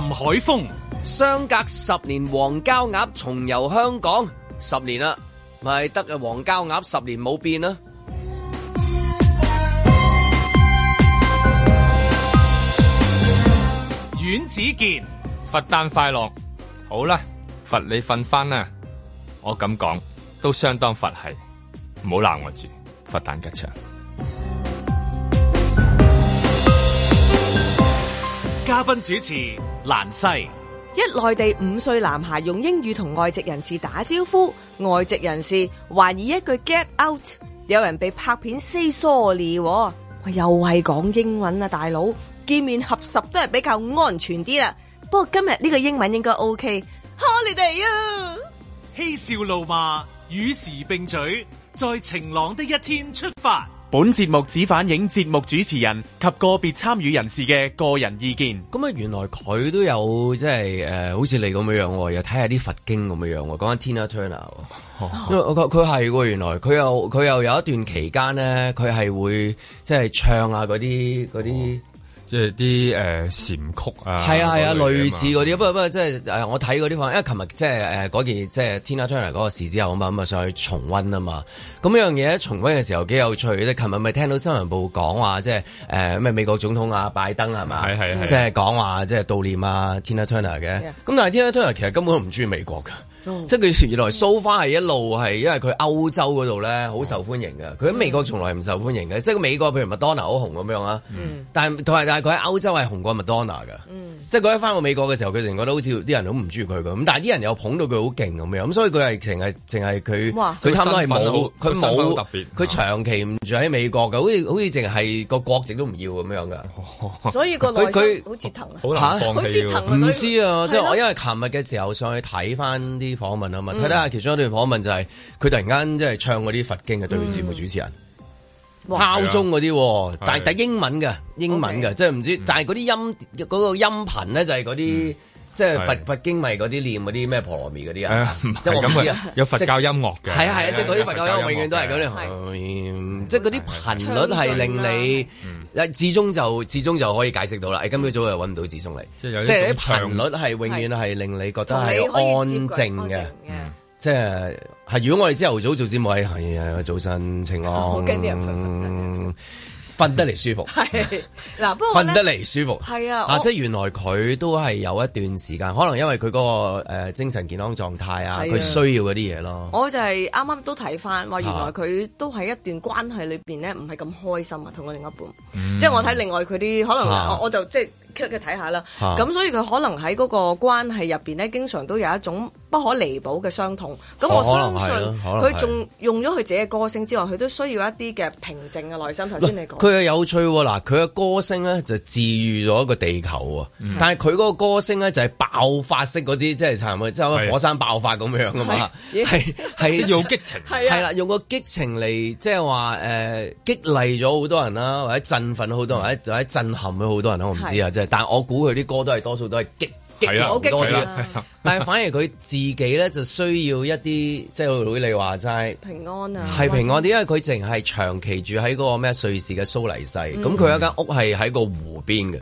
林海峰，相隔十年黃膠鴨重遊香港，十年啦，咪得嘅黃膠鴨十年冇變啦。阮子健，佛誕快樂，好啦，佛你瞓翻啦，我咁講都相當佛系，唔好鬧我住，佛誕吉祥。嘉賓主持。蘭西一內地五歲男孩用英語同外籍人士打招呼。外籍人士懷疑一句 Get out。有人被拍片 Say sorry，哦、又係講英文啊，大佬見面合十都係比較安全啲啦。不過今日呢個英文應該 OK，holiday，OK，啊，嬉笑怒罵與時並舉，在晴朗的一天出發。本節目只反映節目主持人及個別參與人士嘅個人意見。咁啊、就是呃， 原來佢都有即係誒，好似你咁樣樣，又睇下啲佛經咁樣樣。講緊《Tina Turner》，因為佢係喎。原來佢又佢又有一段期間咧，佢係會即係、就是、唱下啲嗰啲。 些 即係啲誒禪曲啊，係啊係啊，類似嗰啲，不過不過即係誒我睇嗰啲況，是但因為琴日即係誒嗰件即係 Tina Turner 嗰個事之後啊嘛，咁啊上去重温啊嘛，咁樣嘢喺重温嘅時候幾有趣咧。琴日咪聽到新聞報講話，即係誒咩美國總統啊，拜登係嘛，即係講話即係悼念啊 Tina Turner 嘅，咁但係 Tina Turner 其實根本都唔中意美國㗎。 即係佢原來 so far 係一路係因為佢歐洲嗰度咧好受歡迎嘅，佢喺美國從來唔受歡迎嘅。即係美國，譬如麥當娜好紅咁樣啊，但係但係佢喺歐洲係紅過麥當娜嘅。即係佢一翻到美國嘅時候，佢就覺得好似啲人好唔中意佢嘅。咁但係啲人又捧到佢好勁咁樣，咁所以佢係淨係淨係佢佢差唔多係冇佢冇佢長期唔住喺美國嘅，好似好似淨係個國籍都唔要咁樣嘅。所以個內心好折騰，好難放棄。唔知啊，即係我因為琴日嘅時候上去睇翻啲。訪問啊嘛，睇睇下其中一段訪問就係佢突然間即係唱嗰啲佛經嘅對節目主持人，敲鐘嗰啲，但係但係英文嘅，英文嘅，即係唔知，但係嗰啲音嗰個音頻咧就係嗰啲即係佛佛經咪嗰啲念嗰啲咩婆羅蜜嗰啲啊，即係我唔知啊，有佛教音樂嘅，係啊係啊，即係嗰啲佛教音樂永遠都係嗰啲，即係嗰啲頻率係令你。誒，始終就始終就可以解釋到啦。誒、嗯，今朝早又揾唔到始終嚟，即係有啲頻率係永遠係令你覺得係安靜嘅。嗯、即係係如果我哋朝頭早做節目，係、哎、誒早晨晴朗。瞓得嚟舒服，係嗱 呢，不過瞓得嚟舒服，係啊，啊，我即係原來佢都係有一段時間，可能因為佢嗰、那個誒、呃、精神健康狀態啊，佢、啊、需要嗰啲嘢咯。我就係啱啱都睇翻，話原來佢都喺一段關係裏邊咧，唔係咁開心啊，同我另一半，嗯、即係我睇另外佢啲，可能我、啊、我就即係。.佢睇下啦，咁所以佢可能喺嗰個關係入邊咧，經常都有一種不可彌補嘅傷痛。咁我相信佢仲、啊啊、用咗佢自己嘅歌聲之外，佢都需要一啲嘅平靜嘅內心。頭先你講，佢嘅有趣喎、哦、嗱，佢嘅歌聲咧就治愈咗一個地球喎，嗯、但係佢嗰個歌聲咧就係、是、爆發式嗰啲，即係殘，即係火山爆發咁樣啊嘛，係係用激情，係、啊啊、啦，用個激情嚟即係話誒激勵咗好多人啦，或者振奮好多，、嗯、多人，或者震撼咗好多人，我唔知啊，即係。但我估佢啲歌都係多數都係激激好聽。 但係反而佢自己咧就需要一啲，即係攞你話齋平安啊，係平安啲，因為佢淨係長期住喺嗰個咩瑞士嘅蘇黎世，咁佢有一間屋係喺個湖邊嘅。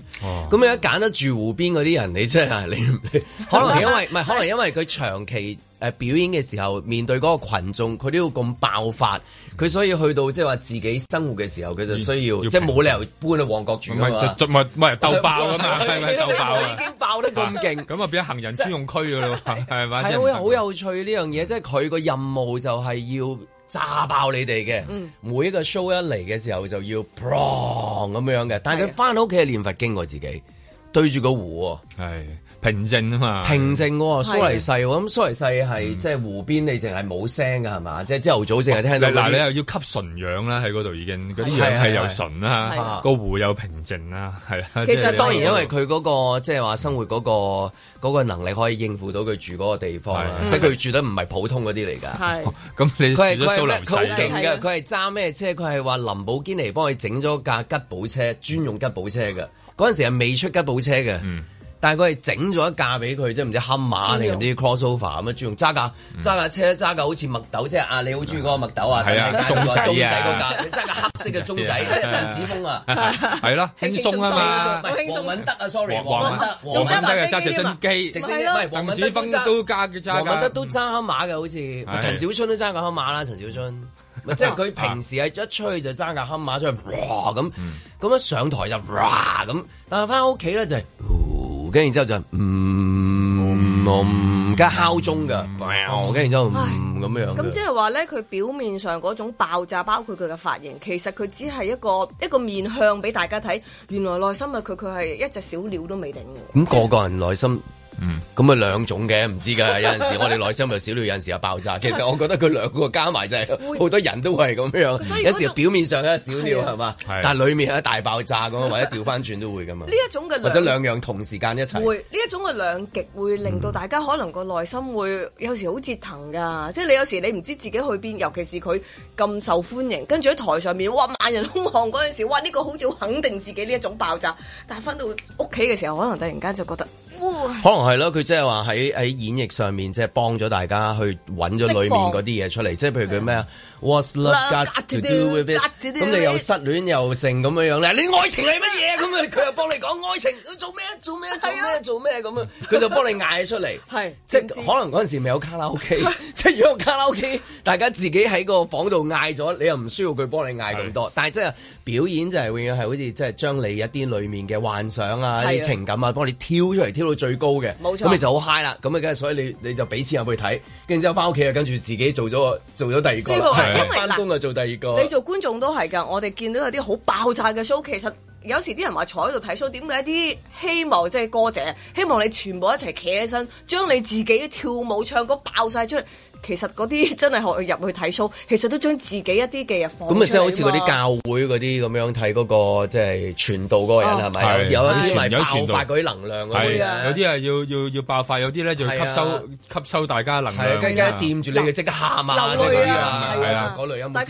咁你一揀得住湖邊嗰啲人，你真係你可能因為唔係可能因為佢長期誒表演嘅時候面對嗰個羣眾，佢都要咁爆發，佢所以去到即係話自己生活嘅時候，佢就需要即係冇理由搬去旺角住啊嘛，就咪咪鬥爆啊嘛，係咪鬥爆啊？已經爆得咁勁，咁啊變咗行人專用區。係嘛？係 好 是有趣呢樣嘢，即係佢個任務就係要炸爆你哋嘅。嗯、每一個 show 一嚟嘅時候就要砰咁樣嘅，但係佢翻到屋企嘅念佛經過自己，對住個湖，哦。係。 平靜啊嘛，平靜蘇黎世，咁蘇黎世係即係湖邊，你淨係冇聲噶係嘛？即係朝頭早淨係聽到嗱，你又要吸純氧啦，喺嗰度已經嗰啲嘢係有純啦，個湖有平靜啦，係。其實當然因為佢嗰個即係話生活嗰個嗰個能力可以應付到佢住嗰個地方，即係佢住得唔係普通嗰啲嚟噶。係咁你佢係佢係佢勁噶，佢係揸咩車？佢係話林寶堅尼幫佢整咗架吉普車，專用吉普車噶。嗰陣時係未出吉普車嘅。但係佢係整咗一架俾佢，即係唔知悍馬，定唔知 crossover 咁樣專用揸架揸架車，揸架好似麥豆，即係啊！你好中意嗰個麥豆啊？係啊，鐘仔啊！揸架黑色嘅鐘仔，鄧梓峰啊，係咯，輕鬆啊嘛！王敏德啊，sorry，王敏德、王敏德都揸住直升機，唔係鄧梓峰都揸，王敏德都揸悍馬嘅，好似陳小春都揸架悍馬啦，陳小春。即係佢平時係一吹就揸架悍馬出去，哇咁咁一上台就哇咁，但係翻屋企咧就係。咁然之後就唔、唔，而家敲鐘噶，咁然之後唔咁樣。咁即係話咧，佢表面上嗰種爆炸，包括佢嘅髮型，其實佢只係一個一個面向俾大家睇。原來內心係佢，佢係一隻小鳥都未定。咁個個人內心。嗯，咁啊，兩種嘅唔知噶。有陣時我哋內心咪少料，有陣時有爆炸。 其實我覺得佢兩個加埋就係好多人都係咁樣，會有時表面上咧小料係嘛，但係裏面係大爆炸咁，或者調翻轉都會噶嘛。呢一種嘅或者兩樣同時間一齊會呢一種嘅兩極會令到大家可能個內心會有時好折騰噶，嗯、即係你有時你唔知自己去邊，尤其是佢咁受歡迎，跟住喺台上面哇萬人空巷嗰陣時，哇呢、這個好似好肯定自己呢一種爆炸，但係翻到屋企嘅時候，可能突然間就覺得。可能係咯，佢即係話喺喺演繹上面，即係幫咗大家去揾咗裏面嗰啲嘢出嚟，即係譬如佢咩啊？ 咁、 嗯、你又失戀又成咁樣樣咧？你愛情係乜嘢？咁啊，佢又幫你講愛情，做咩？做咩？做咩？做咩？咁啊，佢就幫你嗌出嚟。係， 即係可能嗰陣時未有卡拉 OK， 即係如果卡拉 OK，大家自己喺個房度嗌咗，你又唔需要佢幫你嗌咁多。的但係即係表演就係永遠係好似即係將你一啲裡面嘅幻想啊、啲的情感啊，幫你挑出嚟，挑到最高嘅。冇錯。咁你就好 high 啦。咁啊，梗係，所以你你就俾錢入去睇，跟住之後翻屋企啊，跟住自己做咗個做咗第二個。蒙因為翻工就做第二個，你做觀眾都係㗎。我哋見到有啲好爆炸嘅 show，其實有時啲人話坐喺度睇 show，點解啲希望即係、就是、歌者希望你全部一齊企起身，將你自己跳舞唱歌爆晒出嚟。其實嗰啲真係學入去睇書，其實都將自己一啲嘅嘢放出去啊嘛。咁啊，即係好似嗰啲教會嗰啲咁樣睇嗰個即係傳道嗰個人係咪？有啊，要嚟爆發嗰啲能量有啲啊要要要爆發，有啲咧就吸收吸收大家能量。係啊，更加掂住你，就即刻喊啊！流淚啊！係啊，嗰類有啊，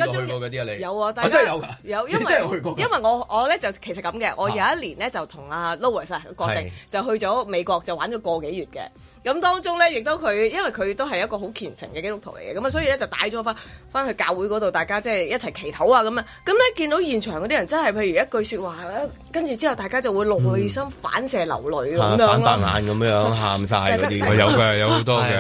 真係有㗎。有，因為因為我我咧就其實咁嘅，我有一年咧就同阿 Louis 啊郭靖就去咗美國就玩咗個幾月嘅。咁當中咧，亦都佢，因為佢都係一個好虔誠嘅基督徒嚟嘅，咁啊，所以咧就帶咗翻翻去教會嗰度，大家即係一齊祈禱啊，咁啊，咁咧見到現場嗰啲人真係，譬如一句説話咧，跟住之後大家就會內心反射流淚咁樣啦，眼咁樣喊晒。嗰啲，有嘅有好多嘅，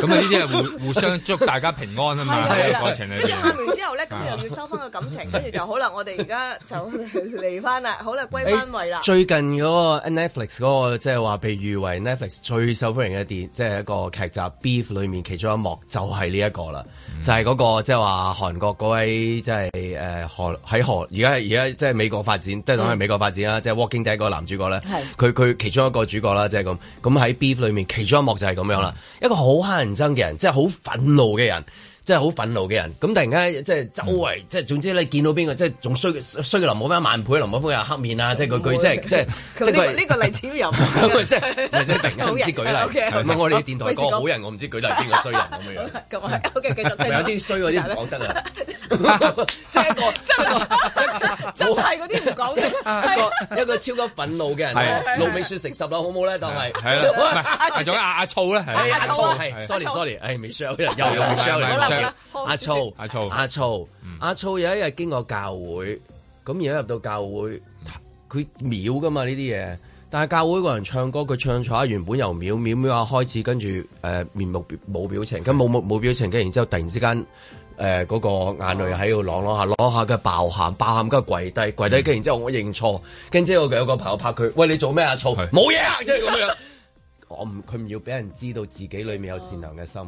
咁呢啲係互相祝大家平安啊嘛，跟住喊完之後咧，咁又要收翻個感情，跟住就好啦。我哋而家就離翻啦，好啦，歸翻位啦。最近嗰個 Netflix 嗰個即係話被譽為。係 Netflix 最受歡迎嘅電，即、就、係、是、一個劇集《Beef》裏面其中一幕就係呢一個啦、嗯，那個，就係嗰個即係話韓國嗰位即係誒韓喺韓而家而家即係美國發展，嗯、即係等於美國發展啦，即係《Walking Dead》嗰、那個男主角咧，佢佢、嗯、其中一個主角啦，即係咁，咁喺《Beef》裏面其中一幕就係咁樣啦，嗯、一個好乞人憎嘅人，即係好憤怒嘅人。即係好憤怒嘅人，咁突然間即係周圍，即係總之你見到邊個，即係仲衰衰林冇咩一萬倍，林寶峯又黑面啊！即係嗰句，即係即係呢個例子又唔即係突然間唔知舉例，唔係我哋電台講好人，我唔知舉例邊個衰人咁嘅樣。咁有啲衰嗰啲唔講得啊！即係一個一個真係嗰啲唔講嘅，一個一個超級憤怒嘅人，怒未説成十樓好冇咧，當係係啦，係仲阿阿醋咧，係阿醋係，sorry sorry，唉，未 share 又唔 share。阿醋，阿醋，阿醋，阿醋有一日經過教會，咁而家入到教會，佢秒噶嘛呢啲嘢，但係教會個人唱歌，佢唱錯，原本由秒秒秒啊開始，跟住誒面目冇表情，咁冇冇表情嘅，然之後突然之間誒嗰個眼淚喺度攞攞下攞下，佢爆喊爆喊，跟住跪低跪低，跟然之後我認錯，跟之後有個朋友拍佢，喂，你做咩？阿醋冇嘢啊，即係咁樣，我唔佢唔要俾人知道自己裏面有善良嘅心。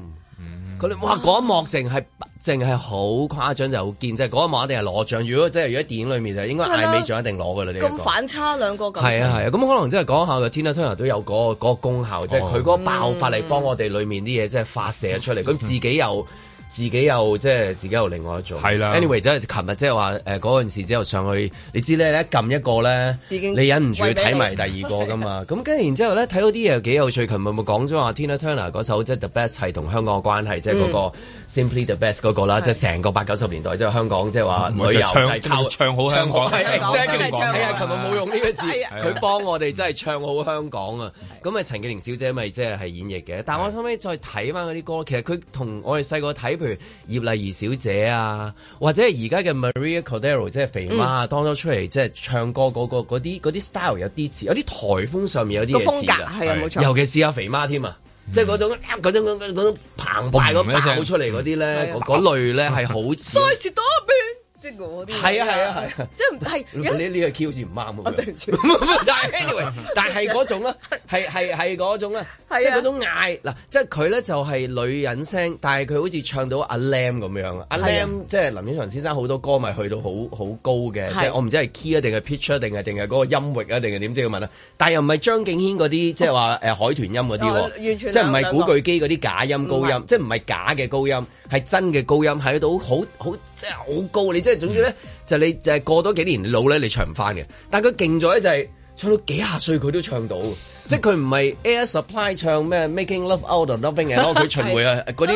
佢哋哇嗰一幕淨係淨係好誇張，就好見，即係嗰一幕一定係攞獎。如果即係如果喺電影裏面就應該艾美獎一定攞噶啦，你咁反差兩個咁係啊係啊，咁、啊、可能即係講下、啊那個《天呐，突然》都有嗰個個功效，哦、即係佢嗰個爆發力幫我哋裏面啲嘢，即係、嗯、發射出嚟，咁自己又。 自己又即係自己又另外一種係啦。Anyway，即係琴日即係話誒嗰陣時之後上去，你知咧一撳一個咧，你忍唔住要睇埋第二個㗎嘛？咁跟住然之後咧睇到啲嘢又幾有趣。琴日咪講咗話，Tina Turner 首即係 The Best 係同香港嘅關係，即係嗰個 Simply the Best 嗰個啦，即係成個八九十年代即係香港即係話旅遊係唱好香港。係啊，琴日冇用呢個字，佢幫我哋真係唱好香港啊！咁啊，陳健玲小姐咪即係係演繹嘅。但我後屘再睇翻嗰啲歌，其實佢同我哋細個睇。譬如葉麗儀小姐啊，或者係而家嘅 Maria Cordero，即係肥媽當咗出嚟，即係唱歌嗰個嗰啲啲 style 有啲似，有啲颱風上面有啲個風格，係啊，冇錯。尤其是阿肥媽添啊，即係嗰種嗰種嗰種嗰種澎湃嗰出嚟嗰啲咧，嗰類咧係好似。係啊係啊係啊！即係唔係？呢呢、啊啊、個 key 好似唔啱咁樣。但係，但係嗰種啦，係係係嗰種啦，係嗰種嗌嗱，即係佢咧就係女人聲，但係佢好似唱到阿 Lam 咁樣阿 l、啊啊、a m 即係林子祥先生好多歌咪去到好好高嘅，即係、啊、我唔知係 key 啊定係 pitch 定係定係嗰個音域啊定係點？即係要問啊。但係又唔係張敬軒嗰啲，即係話誒海豚音嗰啲喎，哦、即係唔係古巨基嗰啲假音高音，即係唔係假嘅高音。係真嘅高音，喺度好好即係好高，你即係總之咧就你就係過多幾年老咧，你唱唔翻嘅。但係佢勁咗咧就係唱到幾廿歲佢都唱到，即係佢唔係 Air Supply 唱咩 Making Love Out of Nothing 嘅？佢巡迴啊，嗰啲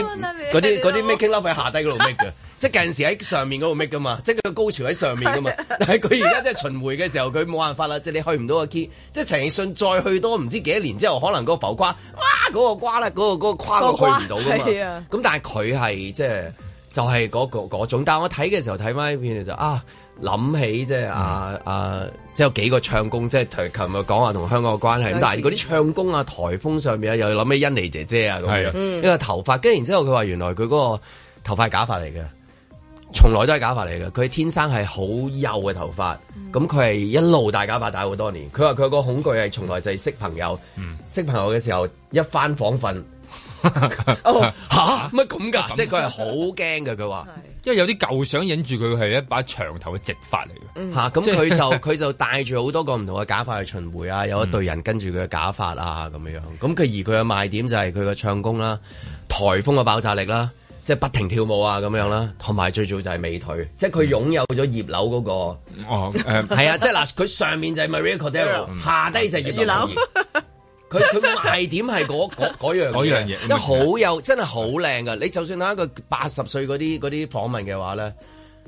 嗰啲嗰啲 Making Love 喺下低嗰度 make 嘅。即係近時喺上面嗰度 make 噶嘛，即係佢個高潮喺上面噶嘛， 但係佢而家即係巡回嘅時候，佢冇辦法啦，即係你去唔到個 key。即係陳奕迅再去多唔知幾多年之後，可能嗰個浮誇哇嗰、那個瓜咧，嗰、那個嗰都、那個那個、去唔到噶嘛。咁、啊、但係佢係即係就係、是、嗰、那個種。但係我睇嘅時候睇翻呢片就啊，諗起即係啊、嗯、啊，即係有幾個唱功，即係琴日講吓同香港嘅關係。事但係嗰啲唱功啊，台風上面啊，又諗起欣妮姐姐啊咁樣，啊嗯、因為頭髮，跟住然之後佢話原來佢嗰個頭髮假髮嚟嘅。從來都係假髮嚟嘅，佢天生係好幼嘅頭髮，咁佢係一路戴假發戴好多年。佢話佢個恐懼係從來就係識朋友，嗯、識朋友嘅時候一翻房瞓。乜咁噶？即係佢係好驚嘅。佢話，因為有啲舊相影住佢係一把長頭嘅直發嚟嘅。吓咁，佢就佢就帶住好多個唔同嘅假發去巡回、嗯、啊，有一隊人跟住佢嘅假髮啊，咁樣樣。咁佢而佢嘅賣點就係佢嘅唱功啦，台風嘅爆炸力啦。即係不停跳舞啊咁樣啦，同埋最早就係美腿，即係佢擁有咗葉劉嗰、那個、嗯、哦，誒、呃、係啊， 即係嗱，佢上面就係 Maria Cordero 下低就係葉劉，佢佢賣點係嗰、嗰樣嘢，好有 真係好靚噶， 你就算睇一個八十歲嗰啲、啲訪問嘅話咧。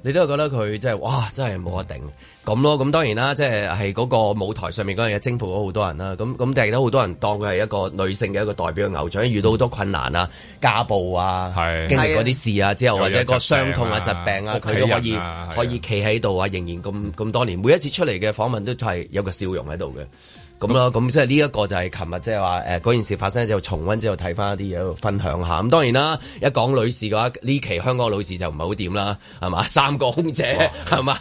你都係覺得佢即係哇，真係冇得頂咁咯。咁當然啦，即係係嗰個舞台上面嗰樣嘢征服咗好多人啦。咁咁但係都好多人當佢係一個女性嘅一個代表嘅偶像，遇到好多困難啊、家暴啊、的經歷嗰啲事啊之後，或者個傷痛啊、病啊疾病啊，佢都可以、啊、可以企喺度啊，仍然咁咁多年，每一次出嚟嘅訪問都係有個笑容喺度嘅。咁啦，咁即係呢一個就係琴日即係話誒嗰件事發生之後，重溫之後睇翻一啲嘢，分享下。咁當然啦，一講女士嘅話，呢期香港女士就唔係好掂啦，係嘛？三個空姐係嘛？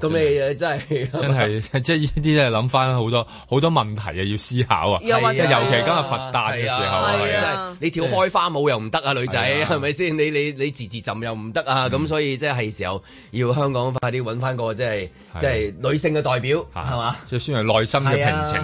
咁你真係真係即係呢啲咧諗翻好多好多問題啊，要思考啊，尤其今日佛誕嘅時候，真係你跳開花舞又唔得啊，女仔係咪先？你你你字字浸又唔得啊，咁所以即係時候要香港快啲揾翻個即係即係女性嘅代表係嘛？即係算係內心嘅平靜。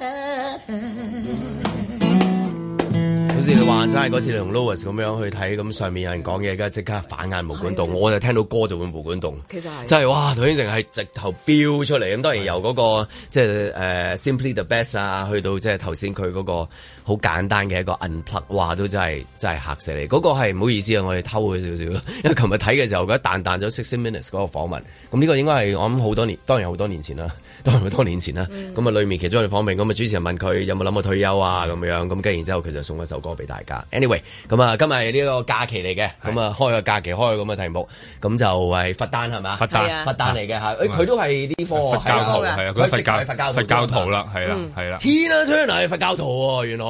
好似 你話齋嗰次你同 Louis 咁樣去睇，咁上面有人講嘢，而家即刻反眼無管動，的我就聽到歌就會無管動，其實係，即係、就是、哇，頭先淨係直頭飆出嚟，咁當然由嗰、那個的即係誒、uh, Simply the Best 啊，去到即係頭先佢嗰個。好簡單嘅一個 unplug 都真係真係嚇死你。嗰個係唔好意思啊，我哋偷咗少少。因為琴日睇嘅時候，佢一彈彈咗 six minutes 嗰個訪問。咁呢個應該係我諗好多年，當然好多年前啦，當然好多年前啦。咁啊，裡面其中一個訪問，咁啊主持人問佢有冇諗過退休啊咁樣？咁跟住然之後，佢就送咗首歌俾大家。Anyway，咁啊，今日呢個假期嚟嘅，咁啊開個假期開咁嘅題目，咁就係佛誕係嘛？佛誕佛誕嚟嘅，佢都係啲科佛教徒，佛教徒啦，係啦係啦。Tina Turner 係佛教徒喎，原來。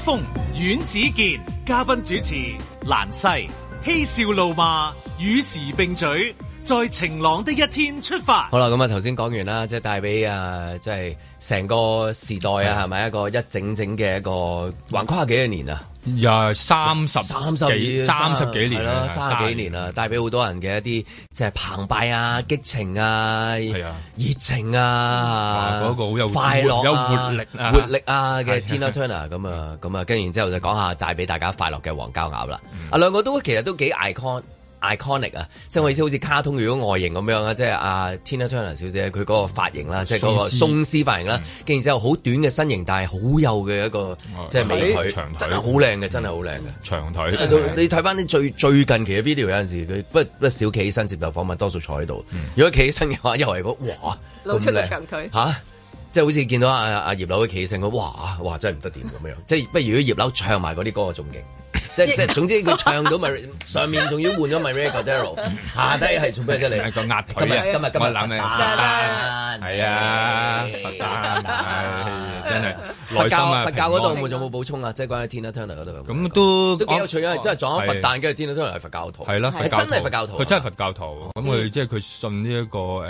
風阮子健嘉賓主持蘭西，嬉笑怒罵與時並舉，在晴朗的一天出發。好啦，咁啊頭先講完啦，即係帶俾啊，即係成個時代啊，係咪的一個一整整嘅一個橫跨幾多年啊？又係三十幾三十幾年啦，三十幾年啦，帶俾好多人嘅一啲即係澎湃啊、激情啊、熱情啊，嗰個好有快樂、有活力、活力啊嘅 Tina Turner 咁啊，咁啊，跟然之後就講下帶俾大家快樂嘅黃膠鴨啦，啊兩個都其實都幾 icon。iconic 啊，即係我意思，好似卡通如果外形咁樣啦，即係阿 Tina Turner 小姐，佢嗰個髮型啦，即係嗰個鬆絲髮型啦，跟、嗯、然之後好短嘅身形，但係好幼嘅一個，即係美腿、呃、太太長腿，好靚嘅，真係好靚嘅長腿。就是，你睇翻啲最最近期嘅 video，有陣時佢不不，不，不少企起身接受訪問，多數坐喺度。嗯、如果企起身嘅話，又係個哇露出個長腿嚇，即係、啊、好似見到阿阿葉劉嘅企起身，佢哇哇，哇，哇，哇，哇真係唔得掂咁樣，即係 不如如果葉劉唱埋嗰啲歌仲勁。即即，總之佢唱到上面仲要換咗 Maria Cordero 下低係做咩啫？你個壓軸今日今日佛誕，係啊，佛誕真係佛教嗰度換咗冇補充啊？即係關於 Tina Turner 嗰度咁都都幾有趣啊！即係撞佛誕嘅 Tina Turner 係佛教徒，係啦，佛教真係佛教徒，佢真係佛教徒。咁佢即係佢信呢一個誒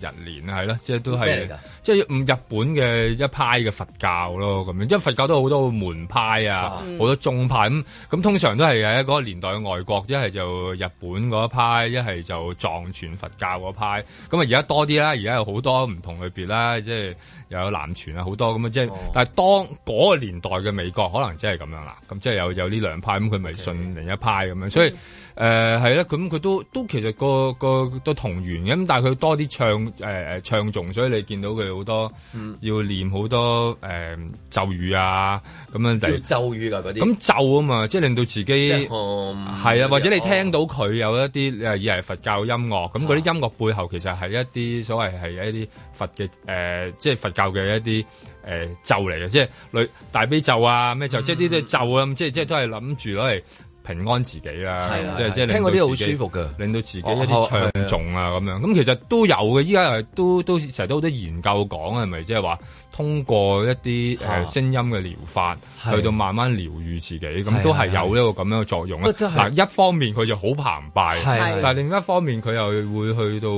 人連係啦，即係都係即係日本嘅一派嘅佛教咯，咁樣即係佛教都好多門派啊，好多宗派。咁通常都係喺嗰個年代嘅外國，一係就日本嗰一派，一係就藏傳佛教嗰派。咁啊，而家多啲啦，而家有好多唔同類別啦，即係有南傳啊，好多咁啊，即係。但係當嗰個年代嘅美國，可能真係咁樣啦。咁即係有有呢兩派，咁佢咪信另一派咁樣，Okay. 所以。誒係啦，咁佢、呃啊、都都其實個個、個都同源咁，但係佢多啲唱誒誒、呃、唱誦，所以你見到佢好多、嗯、要念好多誒、呃、咒語啊，咁樣嚟。叫咒語㗎嗰啲。咁咒啊嘛，即係令到自己係、嗯、啊，或者你聽到佢有一啲，以為佛教音樂，咁嗰啲音樂背後其實係一啲所謂係一啲佛嘅誒、呃，即係佛教嘅一啲誒、呃、咒嚟嘅，即係大悲咒啊咩咒、嗯、咒，即係啲啲咒啊，即係即係都係諗住攞嚟。平安自己啦，即係即係令到自己好舒服嘅，令到自己一啲暢縱啊咁樣。咁其實都有嘅，依家又都都成日都好多研究講係咪，即係話通過一啲誒聲音嘅療法，去到慢慢療癒自己，咁都係有一個咁樣嘅作用咧。嗱，一方面佢就好澎湃，但係另一方面佢又會去到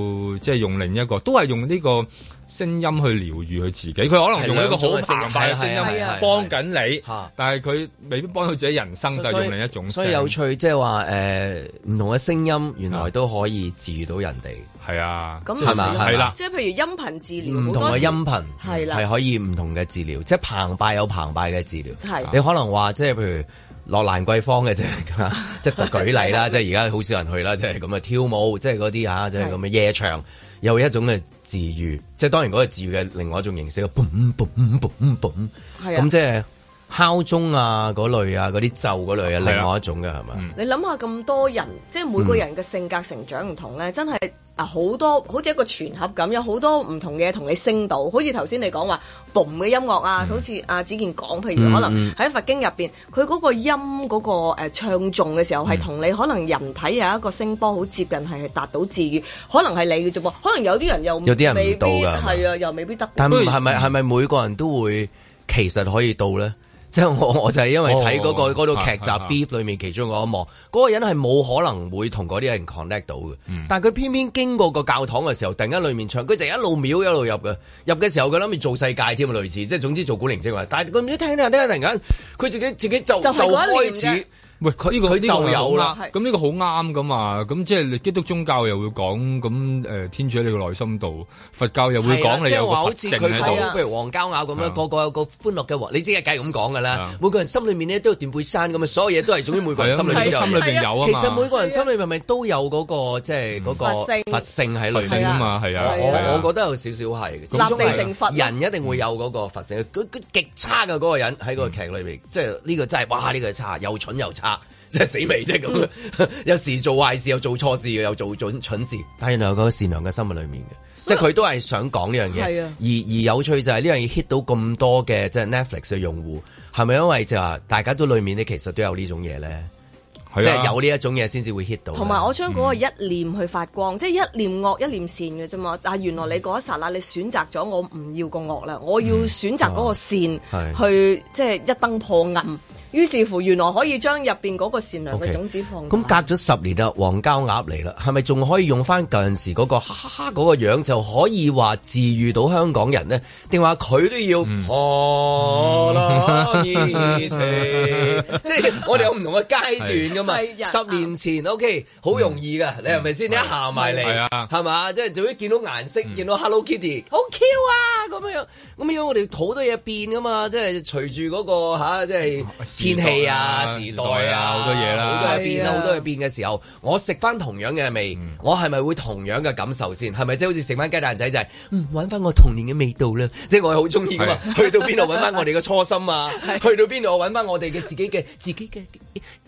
即係用另一個，都係用呢個，聲音去療愈佢自己，佢可能用一個好澎湃嘅聲音幫緊你，但係佢未必幫到自己人生。就係用另一種。所以有趣，即係話誒，唔同嘅聲音原來都可以治愈到人哋，係啊，係嘛，係啦。即係譬如音頻治療，唔同嘅音頻係可以唔同嘅治療，即係澎湃有澎湃嘅治療。你可能話，即係譬如落蘭桂坊嘅啫，即係舉例啦，即係而家好少人去啦，即係咁嘅跳舞，即係嗰啲啊，即係咁嘅夜場。有一種嘅治愈，即當然嗰個是治愈嘅另外一種形式，嘣嘣嘣嘣嘣嘣，咁即敲鐘啊，嗰類啊，嗰啲咒嗰類啊，另外一種嘅係嘛？你諗下咁多人，即係每個人嘅性格成長唔同咧，嗯、真係啊好多，好似一個全盒咁，有好多唔同嘅同你升到，好似頭先你講話嘣嘅音樂啊，嗯、好似阿、啊、子健講，譬如、嗯、可能喺佛經入邊，佢嗰個音嗰個誒唱誦嘅時候，係同你、嗯、可能人體有一個聲波好接近，係達到治愈，可能係你嘅啫噃，可能有啲人又有啲人唔到係啊，又未必得。必吧但係咪係咪每個人都會其實可以到咧？即係我我就係因為睇嗰、那個嗰、oh, oh, oh. 劇集 Beef 裏面其中嗰一幕，嗰、oh, oh, oh. 個人係冇可能會同嗰啲人 connect 到嘅，mm. 但係佢偏偏經過個教堂嘅時候，突然間裏面唱，佢就一路秒一路入嘅，入嘅時候佢諗住做世界添啊，類似，即係總之做古靈精怪，但係佢唔知聽聽聽，突然間佢自己自己就就，就開始。喂，佢呢個就有啦，咁呢個好啱噶嘛？咁即係基督宗教又會講，咁誒天主喺你個內心度，佛教又會講你有個佛性喺度，不如黃膠鴨咁樣個個有個歡樂嘅王，你知係梗係咁講㗎啦。每個人心裏面咧都有斷背山咁啊，所有嘢都係總之每個人心裏邊有，心裏邊有啊嘛。其實每個人心裏面咪都有嗰個即係嗰個佛性，佛性喺裏面啊嘛，係啊，我我覺得有少少係。立地成佛，人一定會有嗰個佛性。佢佢極差嘅嗰個人喺個劇裏面，即係呢個真係，哇！呢個差又蠢又差。即係死微啫咁， 有時做壞事又做錯事，又做蠢蠢事。但係原來善良嘅心喺裏面嘅，以即係佢都係想講呢樣嘢。的而而有趣就係呢樣嘢 hit 到咁多嘅，即係 Netflix 嘅用戶係咪因為就話大家都裏面咧其實都有種呢是的 有種嘢咧？即係有呢一種嘢先至會 hit 到。同埋我將嗰個一念去發光，嗯、即係一念惡一念善嘅啫嘛。但係原來你嗰一剎那你選擇咗，我唔要個惡啦，我要選擇嗰個善去，即係一燈破暗。於是乎，原來可以將入邊嗰個善良嘅種子放咁 Okay. 隔咗十年啦，黃膠鴨嚟啦，係咪仲可以用返舊陣時嗰個哈哈嗰個樣就可以話治癒到香港人呢？定話佢都要 哦，浪以 前，即係我哋有唔同嘅階段噶嘛？十年前 OK，好容易噶， 你係咪先？你一行埋嚟係啊，係嘛？即 係樂 就會見到顏色， 見到 Hello Kitty， 好 Q 啊咁樣。咁因為我哋好多嘢變噶嘛，即係隨住嗰、嗰個即係。啊天氣啊，時代啊，好、啊、多嘢啦，好多嘢變啦，好是、啊、多嘢變嘅時候，我食翻同樣嘅味，嗯、我係咪會同樣嘅感受先？係咪即係好似食翻雞蛋仔仔、就是？嗯，揾翻我童年嘅味道咧，即、就、係、是、我好中意啊！去到邊度揾翻我哋嘅初心啊！是啊，去到邊度我揾翻我哋嘅自己嘅是、啊、自己嘅。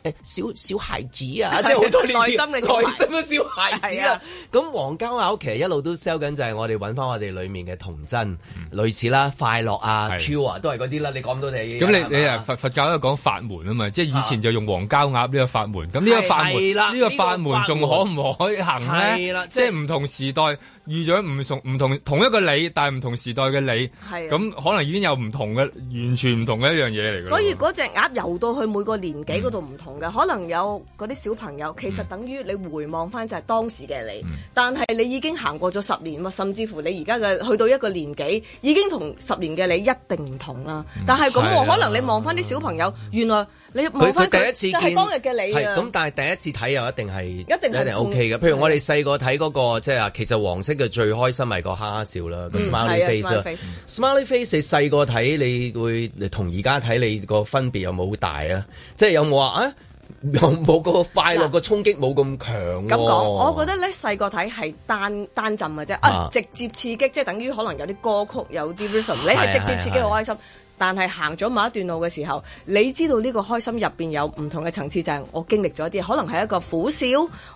誒、欸，小小孩子啊，即係好多內心嘅小孩子啊。咁、啊、黃膠鴨其實一路都 sell 緊，就係我哋揾翻我哋裏面嘅童真，嗯、類似啦，快樂啊，Q 的啊，都係嗰啲啦。你講到你咁，的的你你啊佛佛教都講法門啊嘛，即係以前就用黃膠鴨呢個法門。咁呢個法門呢個法門仲可唔可以行咧？即係唔同時代。遇咗唔同唔同同一個你，但係唔同時代嘅你，咁是、啊、可能已經有唔同嘅完全唔同嘅一樣嘢嚟。所以嗰隻鴨遊到去每個年紀嗰度唔同嘅，嗯、可能有嗰啲小朋友，其實等於你回望翻就係當時嘅你，嗯、但係你已經行過咗十年，甚至乎你而家嘅去到一個年紀，已經同十年嘅你一定唔同啦。但係咁，是啊、可能你望翻啲小朋友，嗯、原來。佢佢第一次見係當日嘅你咁，但係第一次睇又一定係一定一定 O K 嘅。譬如我哋細個睇嗰個，即係啊，其實黃色嘅最開心係個哈哈笑啦，個 smiley face 啦。smiley face 你細個睇你會同而家睇你個分別有冇大啊？即係有冇話啊？有冇個快樂個衝擊冇咁強？咁講，我覺得咧細個睇係單單純嘅啫啊，直接刺激，即係等於可能有啲歌曲有啲 rhythm，你係直接刺激好開心。但係行咗某一段路嘅時候，你知道呢個開心入邊有唔同嘅層次，就係、是、我經歷咗一啲，可能係一個苦笑，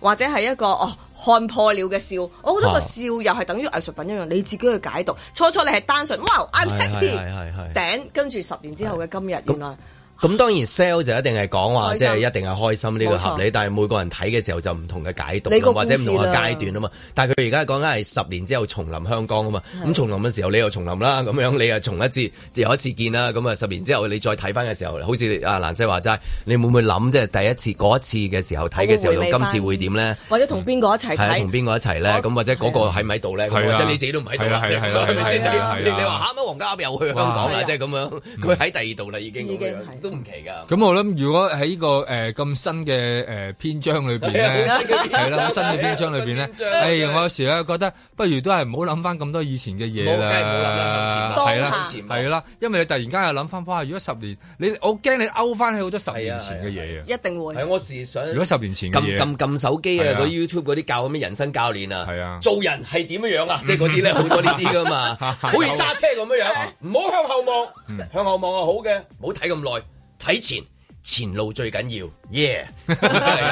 或者係一個哦看破了嘅笑。我覺得個笑又係等於藝術品一樣，你自己去解讀。初初你係單純，哇，I'm sexy 頂，跟住十年之後嘅今日，是是原來。咁當然 sell 就一定係講話，即係一定係開心呢個合理。但係每個人睇嘅時候就唔同嘅解讀，或者唔同嘅階段啊嘛。但係佢而家講緊係十年之後重臨香港啊嘛。咁重臨嘅時候你又重臨啦，咁樣你又重一次又一次見啦。咁啊十年之後你再睇翻嘅時候，好似阿蘭西話齋，你會唔會諗即係第一次嗰一次嘅時候睇嘅時候，到今次會點咧？或者同邊個一齊睇？同邊個一齊咧？咁或者嗰個喺咪度咧？或者你自己都唔喺度啫？係你話嚇乜黃家又去香港啦？即係咁樣，佢喺第二度啦已經。都唔奇噶，咁我諗，如果喺呢個誒咁新嘅，誒篇章裏邊咧，係啦，新嘅篇章裏邊咧，哎我有時咧覺得不如都係唔好諗翻咁多以前嘅嘢啦，冇計，冇諗以前，當下係啦，因為你突然間又諗翻翻，哇！如果十年，你我驚你勾翻起好多十年前嘅嘢啊，一定會。係我時想，如果十年前嘅嘢，撳撳撳手機啊，YouTube 嗰啲教咁嘅人生教練啊，係啊，做人係點樣樣啊，即係嗰啲咧好多呢啲噶嘛，好似揸車咁樣樣，唔好向後望，向後望係好嘅，唔好睇咁耐。睇前，前路最緊要。耶！e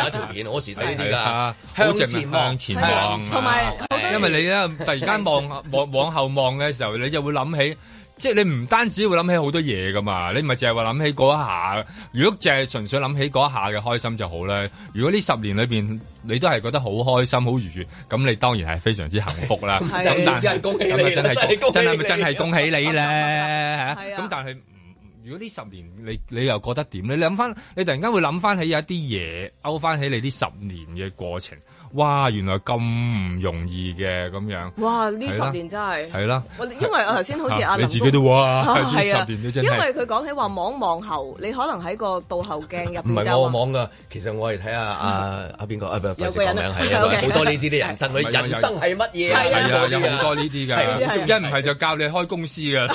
有條片，我時睇你啲㗎。向前望，向前望，同埋因為你咧，突然間望往往後望嘅時候，你就會諗起，即係你唔單止會諗起好多嘢㗎嘛。你唔係淨係話諗起嗰一下，如果淨係純粹諗起嗰一下嘅開心就好咧。如果呢十年裏邊你都係覺得好開心、好愉悅，咁你當然係非常之幸福啦。咁但係，真係真係恭喜你咧嚇。咁但係。如果呢十年你你又覺得點咧？你諗翻，你突然間會諗翻起有一啲嘢，勾翻起你呢十年嘅過程。哇！原來咁唔容易嘅咁樣。哇！呢十年真係係啦，因為我頭先好似阿林哥你自己都哇，呢十年都真係。因為佢講起話望望後，你可能喺個倒後鏡入邊就望㗎。其實我係睇下阿阿邊個啊？唔係，快啲講名係。好多呢啲啲人，其實佢人生係乜嘢？係啊，有好多呢啲㗎。一唔係就教你開公司㗎。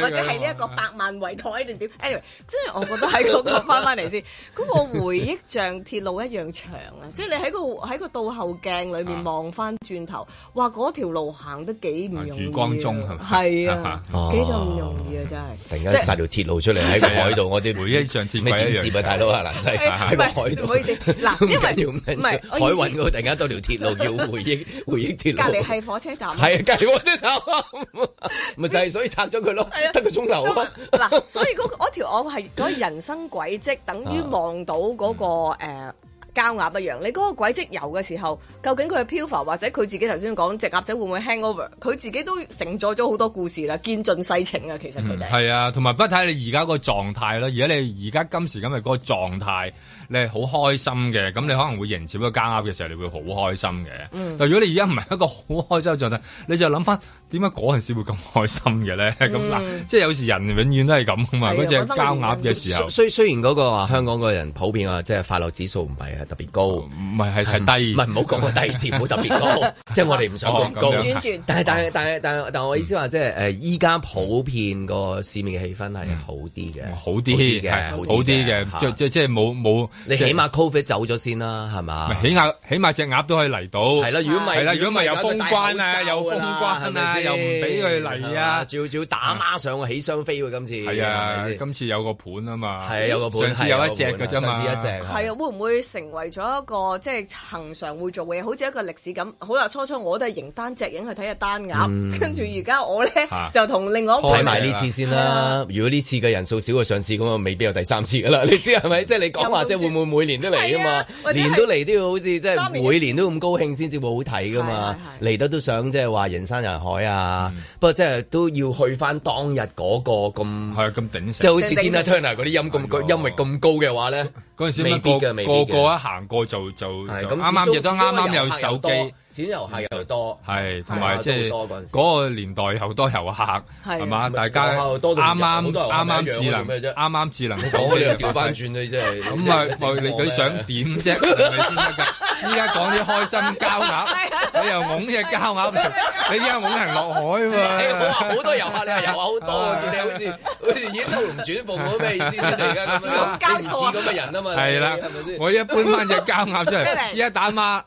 或者係呢一個百萬圍台定點？Anyway，即係我覺得喺嗰個翻翻嚟先，嗰個回憶像鐵路一樣長啊！即係你喺個。喺個倒後鏡裏面望翻轉頭，哇！嗰條路行得幾唔容易啊！余光中係咪？係啊，幾咁唔容易啊！真係突然間殺條鐵路出嚟喺海度，我哋回憶上次咩？唔一大佬啊，男仔喺海度，唔好意思，嗱，因為唔係海運喎，突然間多條鐵路要回憶回憶鐵路，隔籬係火車站，係啊，隔籬火車站，咪就係所以拆咗佢咯，得個鐘樓咯。嗱，所以嗰我條我係嗰人生軌跡，等於望到嗰個誒。膠鴨一樣，你嗰個軌跡游嘅時候，究竟佢係漂浮，或者佢自己頭先講隻鴨仔會唔會 hang over？佢自己都承載咗好多故事啦，見盡世情啊！其實佢哋係啊，同埋不睇你而家個狀態咯。而家你而家今時今日嗰個狀態，你係好開心嘅，咁你可能會迎接一個膠鴨嘅時候，你會好開心嘅。嗯、但如果你而家唔係一個好開心嘅狀態，你就諗翻。點解嗰陣時會咁開心嘅咧？咁嗱，即係有時人永遠都係咁啊！嗰隻膠鴨嘅時候，雖雖然嗰個香港個人普遍啊，即係快樂指數唔係特別高，唔係係係低，唔係唔好講個低字，唔好特別高，即係我哋唔想咁高。轉轉，但係但但但但我意思話即係誒，依家普遍個市面嘅氣氛係好啲嘅，好啲嘅，好啲嘅，即即即係冇冇，你起碼 COVID 走咗先啦，係嘛？起碼起碼隻鴨都可以嚟到。係啦，如果唔係，如果唔係有封關啊，有封關係咪？又唔俾佢嚟啊！照照打孖上個起雙飛喎！今次係啊，今次有個盤啊嘛，係有個盤，上次有一隻嘅啫嘛，一隻係啊，會唔會成為咗一個即係恆常會做嘅嘢？好似一個歷史咁。好啦，初初我都係形單隻影去睇嘅單鴨，跟住而家我咧就同另外一個睇埋呢次先啦。如果呢次嘅人數少過上次，咁未必有第三次噶啦。你知係咪？即係你講話，即係會唔會每年都嚟啊嘛？年都嚟都要好似即係每年都咁高興先至會好睇噶嘛？嚟得都想即係話人山人海啊！啊！不過即係都要去返當日嗰個咁，係啊，咁頂盛，即係好似 Jazz Turner 嗰啲音咁高音域咁高嘅話咧，嗰陣時未必個個一行過就就啱啱亦都啱啱有手機。錢遊客又多，係同埋即係嗰個年代好多遊客係嘛？大家啱啱啱啱智能咩啫？啱啱智能，手，你以調翻轉你啫。咁咪你佢想點啫？係先得㗎？依家講啲開心膠鴨，你又㧬隻膠鴨你依家㧬人落海喎！好多遊客，你話遊客好多，見你好似好似演龍轉鳳咁咩意思你而家咁樣交錯啊！咁嘅人啊嘛，係啦，係咪先？我一搬翻隻膠鴨出嚟，依家打孖。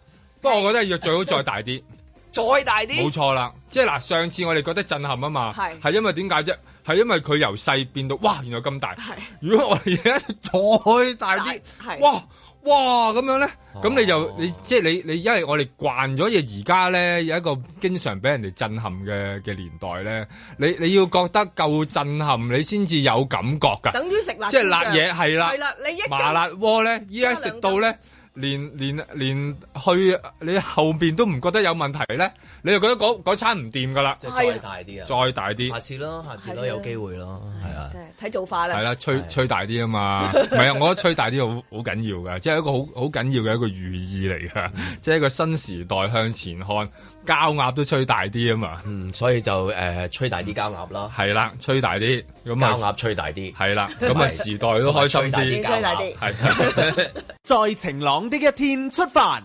不過 我覺得要最好再大啲， 再大啲，冇錯啦。即係嗱，上次我哋覺得震撼啊嘛，係是，係因為點解啫？係因為佢由細變到，哇，原來咁大。係是，如果我哋而家再大啲 是，哇哇咁樣咧，咁、啊、你就你即係你你，你，因為我哋慣咗嘢，而家咧有一個經常俾人哋震撼嘅嘅年代咧，你你要覺得夠震撼，你先至有感覺噶。等於食辣，即係辣嘢係、嗯、啦，係啦，你一麻辣鍋咧，依家食到咧罐。連連連去你後邊都唔覺得有問題咧，你就覺得嗰餐唔掂噶啦，即係再大啲啊，再大啲，下次咯，下次咯，次有機會咯，係啊的，即係睇做法咧，係啦，吹吹大啲啊嘛，唔係啊，我覺得吹大啲好好緊要噶，即係一個好好緊要嘅一個寓意嚟噶，即係 一個新時代向前看。膠鴨都吹大啲啊嘛，嗯，所以就誒、呃、吹大啲膠鴨啦，係啦，吹大啲，咁膠鴨吹大啲，係啦，咁啊吧時代都開心啲， 吹大啲，係。在晴朗的一天出發。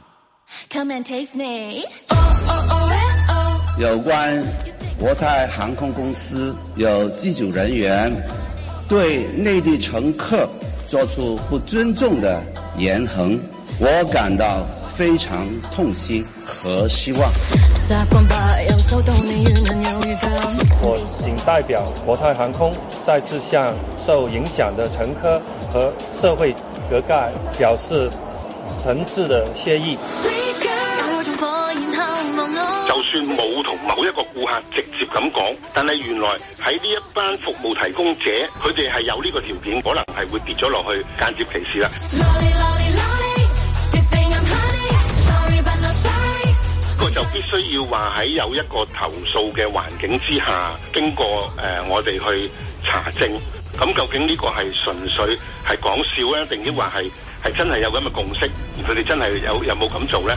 有關國泰航空公司有機組人員對內地乘客作出不尊重的言行，我感到非常痛心和失望。我謹代表國泰航空，再次向受影響的乘客和社會各界表示誠摯的歉意。就算冇同某一個顧客直接咁講，但係原來喺呢一班服務提供者，佢哋係有呢個條件，可能係會跌咗落去間接歧視啦。呢個就必須要話喺有一個投訴嘅環境之下，經過誒我哋去查證，咁究竟呢個係純粹係講笑咧，定抑或係係真係有咁嘅共識？佢哋真係有有冇咁做咧？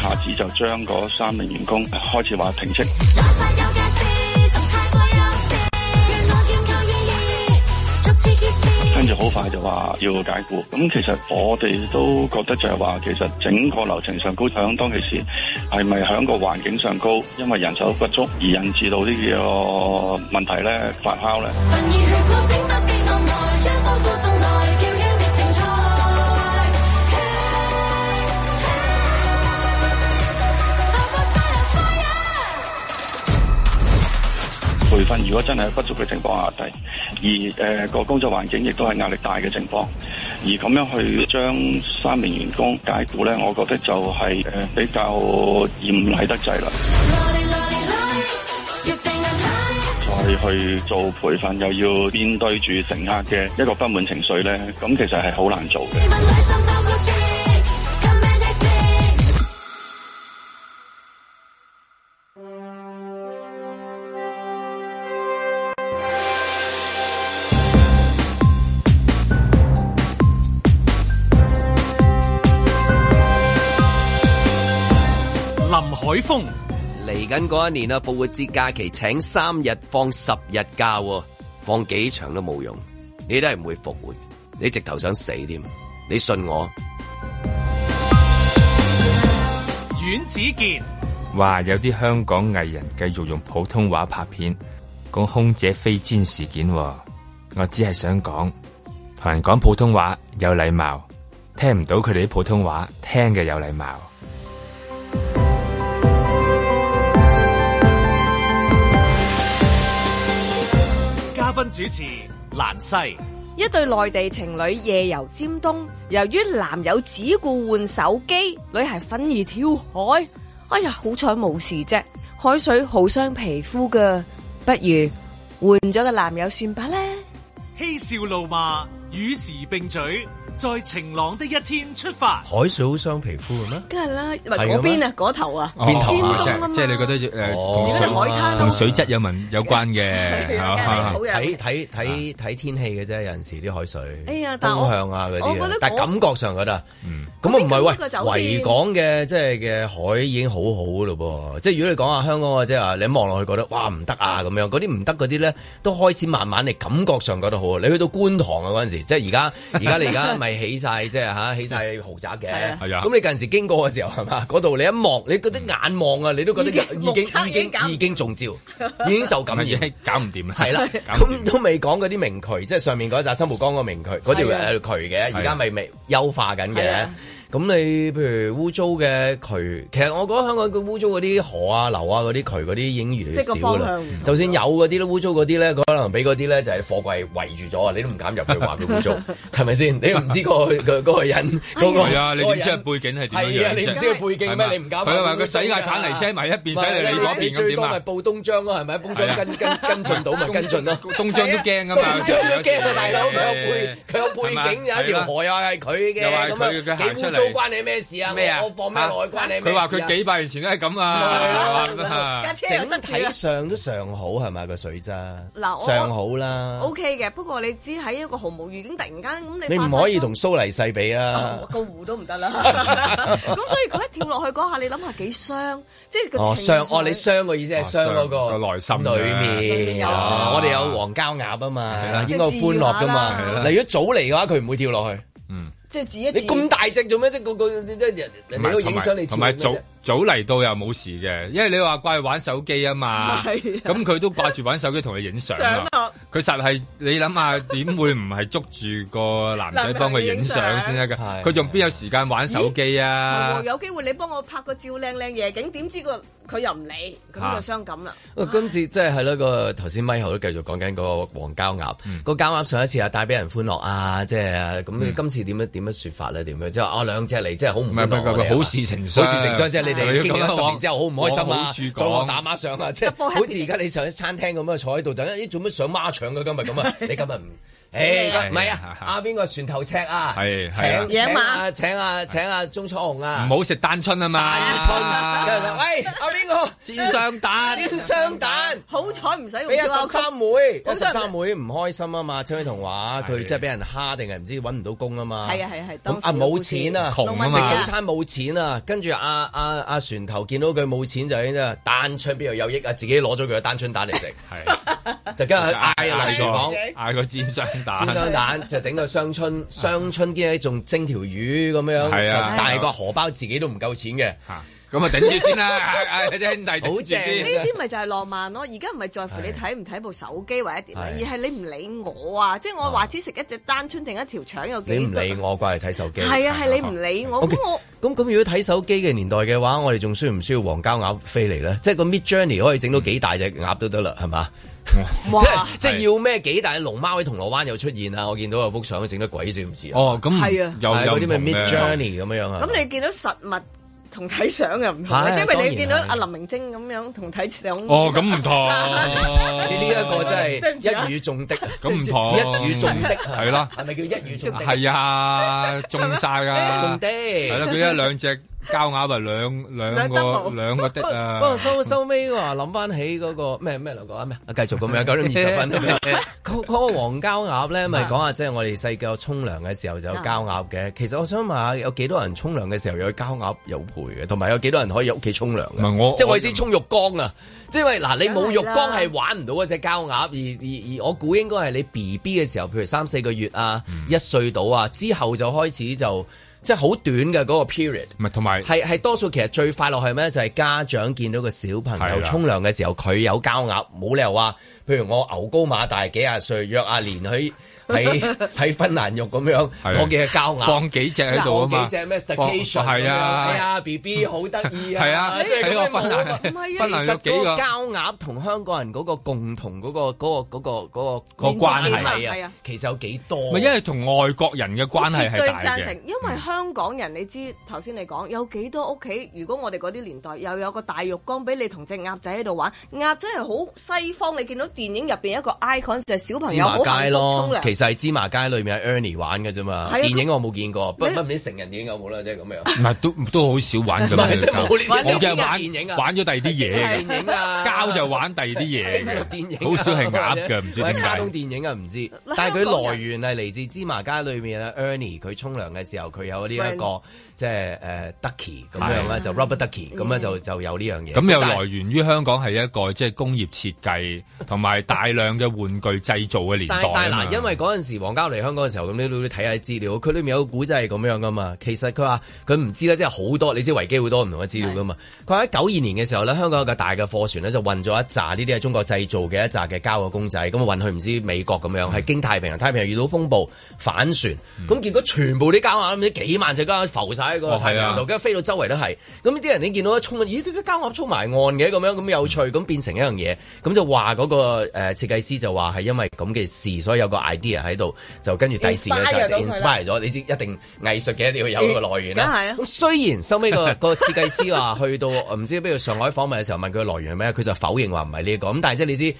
一下子就將嗰三名員工開始話停職，跟住好快就話要解僱。咁其實我哋都覺得就係話，其實整個流程上高響當其時，係咪響個環境上高，因為人手不足而引致到呢個問題咧發酵咧。培訓如果真係不足嘅情況下底，而誒個、呃、工作環境亦都係壓力大嘅情況，而咁樣去將三名員工解雇咧，我覺得就係、是、誒、呃、比較嚴厲得滯啦。再去做培訓，又要面對住乘客嘅一個不滿情緒咧，咁其實係好難做嘅。緊嗰一年啊，復活節假期請三日放十日假，放幾長都冇用，你都係唔會復活，你直頭想死添，你信我？阮子健話：有啲香港藝人繼續用普通話拍片，講空姐飛氈事件。我只係想講，同人講普通話有禮貌，聽唔到佢哋啲普通話聽嘅有禮貌。嘉賓主持蘭西，一對內地情侶夜遊尖東，由於男友只顧換手機，女孩憤而跳海。哎呀，好彩冇事啫，海水好傷皮膚噶，不如換咗個男友算吧啦。嬉笑怒罵，與時並嘴。在晴朗的一天出發，海水好傷皮膚嘅咩？梗係啦，唔嗰邊啊，嗰頭啊，邊頭啊，即係你覺得海灘同水質有問有關嘅，睇睇睇睇天氣嘅啫，有陣時啲海水，風向啊嗰啲，但係感覺上覺得，咁啊唔係喂，維港嘅即係嘅海已經好好嘞咯噃，即係如果你講下香港嘅即係話，你望落去覺得哇唔得啊咁樣，嗰啲唔得嗰啲咧都開始慢慢嚟感覺上覺得好，你去到觀塘啊嗰陣時，即係而家而家你而家起晒即係吓，起晒豪宅嘅。咁、啊、你近時經過嘅時候，係嘛？嗰度你一望，你嗰啲眼望啊，嗯、你都覺得已經、已經、已經，已經中招， 已經受感染，搞唔掂。係啦、啊，咁都未講嗰啲明渠，即係上面嗰扎新蒲崗嗰明渠，嗰條渠嘅，而家咪未優化緊嘅。咁你譬如污糟嘅渠，其實我覺得香港嘅污糟嗰啲河啊、流啊嗰啲渠嗰啲已經越嚟越少啦。就算有嗰啲咧污糟嗰啲咧，可能俾嗰啲咧就係貨櫃圍住咗，你都唔敢入去話佢污糟，係咪先？你唔知個個嗰個人嗰個你唔知佢背景係點樣？係啊，你唔知佢背景咩？你唔敢。係話佢洗曬鏟泥車埋一邊，洗嚟你嗰邊最多咪報東張咯，係咪？東張跟跟跟進到咪跟進咯，東張都驚啊嘛？東張都驚啊，大佬佢有背佢有背景，有一條河又係佢嘅，又出嚟？都關你咩事啊？咩啊？我放咩嚟關你？佢話佢幾百年前都係咁啊！整體上都尚好係咪個水質？嗱，尚好啦。OK 嘅，不過你知喺一個毫無預警突然間咁你你唔可以同蘇黎世比啊！個湖都唔得啦。咁所以佢一跳落去嗰下，你諗下幾傷？即係個情傷哦！你傷個意思係傷嗰個內心裏面。我哋有黃膠鴨啊嘛，應該歡樂噶嘛。例如果早嚟嘅話，佢唔會跳落去。嗯。即係自一自你，你咁大隻做咩啫？個個，即係人嚟到影相，你做咩啫？早嚟到又冇事嘅，因為你話掛住玩手機啊嘛，咁佢都掛住玩手機同你影相，佢實係你諗下點會唔係捉住個男仔幫佢影相先得㗎？佢仲邊有時間玩手機啊？有機會你幫我拍個照靚靚夜景，點知個佢又唔理，咁就傷感啦。今次即係係咯，個頭先咪後都繼續講緊嗰個黃膠鴨。個膠鴨上一次啊帶俾人歡樂啊，即係咁。今次點樣點樣説法咧？點樣即係啊兩隻嚟，即係好唔好？係唔係唔好事成雙，好事成你見咗十年之後好唔開心啊！再，我，我打孖上啊，即係好似而家你上餐廳咁樣，坐喺度等緊，咦，做咩上孖腸嘅今日咁啊？ 你今日唔？誒，唔係啊，阿邊個船頭尺啊？係請啊，馬，請阿請阿鍾楚紅啊！唔好食單春啊嘛，單春。喂，阿邊個？煎雙蛋，煎雙蛋。好彩唔使俾阿十三妹，阿十三妹唔開心啊嘛，秋天童話佢真係俾人蝦定係唔知搵唔到工啊嘛。係啊係係。咁啊冇錢啊，窮啊，食早餐冇錢啊。跟住阿阿阿船頭見到佢冇錢就喺度彈窗邊度有益啊？自己攞咗佢嘅單春蛋嚟食，係就跟住嗌阿船講，嗌個煎雙。煎雙蛋就整個雙春，雙春啲咧仲蒸條魚咁樣，但係個荷包自己都唔夠錢嘅，咁啊頂住先啦，兄弟，好正。呢啲咪就係浪漫咯，而家唔係在乎你睇唔睇部手機或者點啊，而係你唔理我啊，即係我話只食一隻單春定一條腸有幾？你唔理我，掛住睇手機。係啊，係你唔理我，咁我咁咁如果睇手機嘅年代嘅話，我哋仲需唔需要黃膠鴨飛嚟？咧即係個 Midjourney 可以整到幾大隻鴨都得啦，係嘛？即係即係要咩幾大龍貓喺銅鑼灣又出現啊！我見到有幅相整得鬼似唔知。哦，咁係啊，又有啲咩 Midjourney 咁樣樣啊？咁你見到實物同睇相又唔同，即係你見到阿林明晶咁樣同睇相哦，咁唔同。呢一個真係一語中的，咁唔同一語中的係啦，係咪叫一語中的？係啊，中晒噶，中的係啦，佢一兩隻膠鴨咪兩兩個兩個的啊，不過收收尾話諗翻起嗰、嗰個咩咩兩個啊咩，繼續咁樣，九點二十分。嗰嗰個黃膠鴨咧，咪講下即係我哋細個沖涼嘅時候就有膠鴨嘅。其實我想問下，有幾多人沖涼嘅時候有膠鴨有陪嘅？同埋有幾多人可以喺屋企沖涼？即係我意思沖浴缸啊。因為嗱，想說 為你冇浴缸係玩唔到嗰隻膠鴨，而而我估應該係你 B B 嘅時候，譬如三四個月啊，嗯、一歲到啊，之後就開始就。即係好短嘅嗰個 period，唔係同埋係係多數。其實最快落去咩？就係家長見到個小朋友沖涼嘅時候，佢有交鴨，冇理由話，譬如我牛高馬大幾廿歲，約阿連去。喺喺芬蘭肉咁樣，攞幾隻膠鴨，放幾隻喺度啊嘛，放係啊，哎呀 B B 好得意啊，即係嗰個芬蘭，芬蘭肉幾個膠鴨同香港人嗰個共同嗰個嗰個嗰個嗰個個關係啊，其實有幾多？唔係因為同外國人嘅關係係大嘅。最贊成，因為香港人你知頭先你講有幾多屋企？如果我哋嗰啲年代又有個大浴缸俾你同隻鴨仔喺度玩，鴨仔係好西方。你見到電影入邊一個 icon 就係小朋友好幸福沖涼，其實。就係芝麻街裏面喺 Ernie 玩嘅啫嘛，電影我冇見過，不乜唔知成人電影有冇咧？即係咁樣。唔係都都好少玩咁樣。唔係即係冇玩咗第二啲嘢。電影啊，交就玩第二啲嘢。電影。好少係鴨㗎，唔知點解。卡通電影啊，唔知。但係佢來源係嚟自芝麻街裏面啊，Ernie 佢沖涼嘅時候佢有呢一個。即係誒、呃、ducky 咁樣咧的，就 rubber ducky 咁咧就就有呢樣嘢。咁、嗯、又來源於香港係一個即係、就是、工業設計同埋大量嘅玩具製造嘅年代啊 嘛。因為嗰陣時黃家嚟香港嘅時候，咁你都你睇下資料，佢裏面有個古仔係咁樣噶嘛。其實佢話佢唔知咧，即係好多你知維基好多唔同嘅資料噶嘛。佢喺九二年嘅時候咧，香港有個大嘅貨船咧，就運咗一紮呢啲係中國製造嘅一紮嘅膠嘅公仔，咁運去唔知美國咁樣，係、嗯、經太平洋，太平洋遇到風暴，反船，咁、嗯、結果全部啲膠啊，唔知幾萬隻膠浮曬。喺度，而家飛到周圍都係，咁呢啲人你見到一沖，咦？啲啲膠鴨沖埋岸嘅咁樣，咁有趣，咁變成一樣嘢，咁就話嗰個誒設計師就話係因為咁嘅事，所以有個 idea 喺度，就跟住第時嘅時候就 inspire 咗，你知一定藝術嘅，一定要有個來源啦。咁雖然收尾個個設計師話去到唔知邊度上海訪問嘅時候，問佢來源係咩，佢就否認話唔係呢個，咁但係即係你知。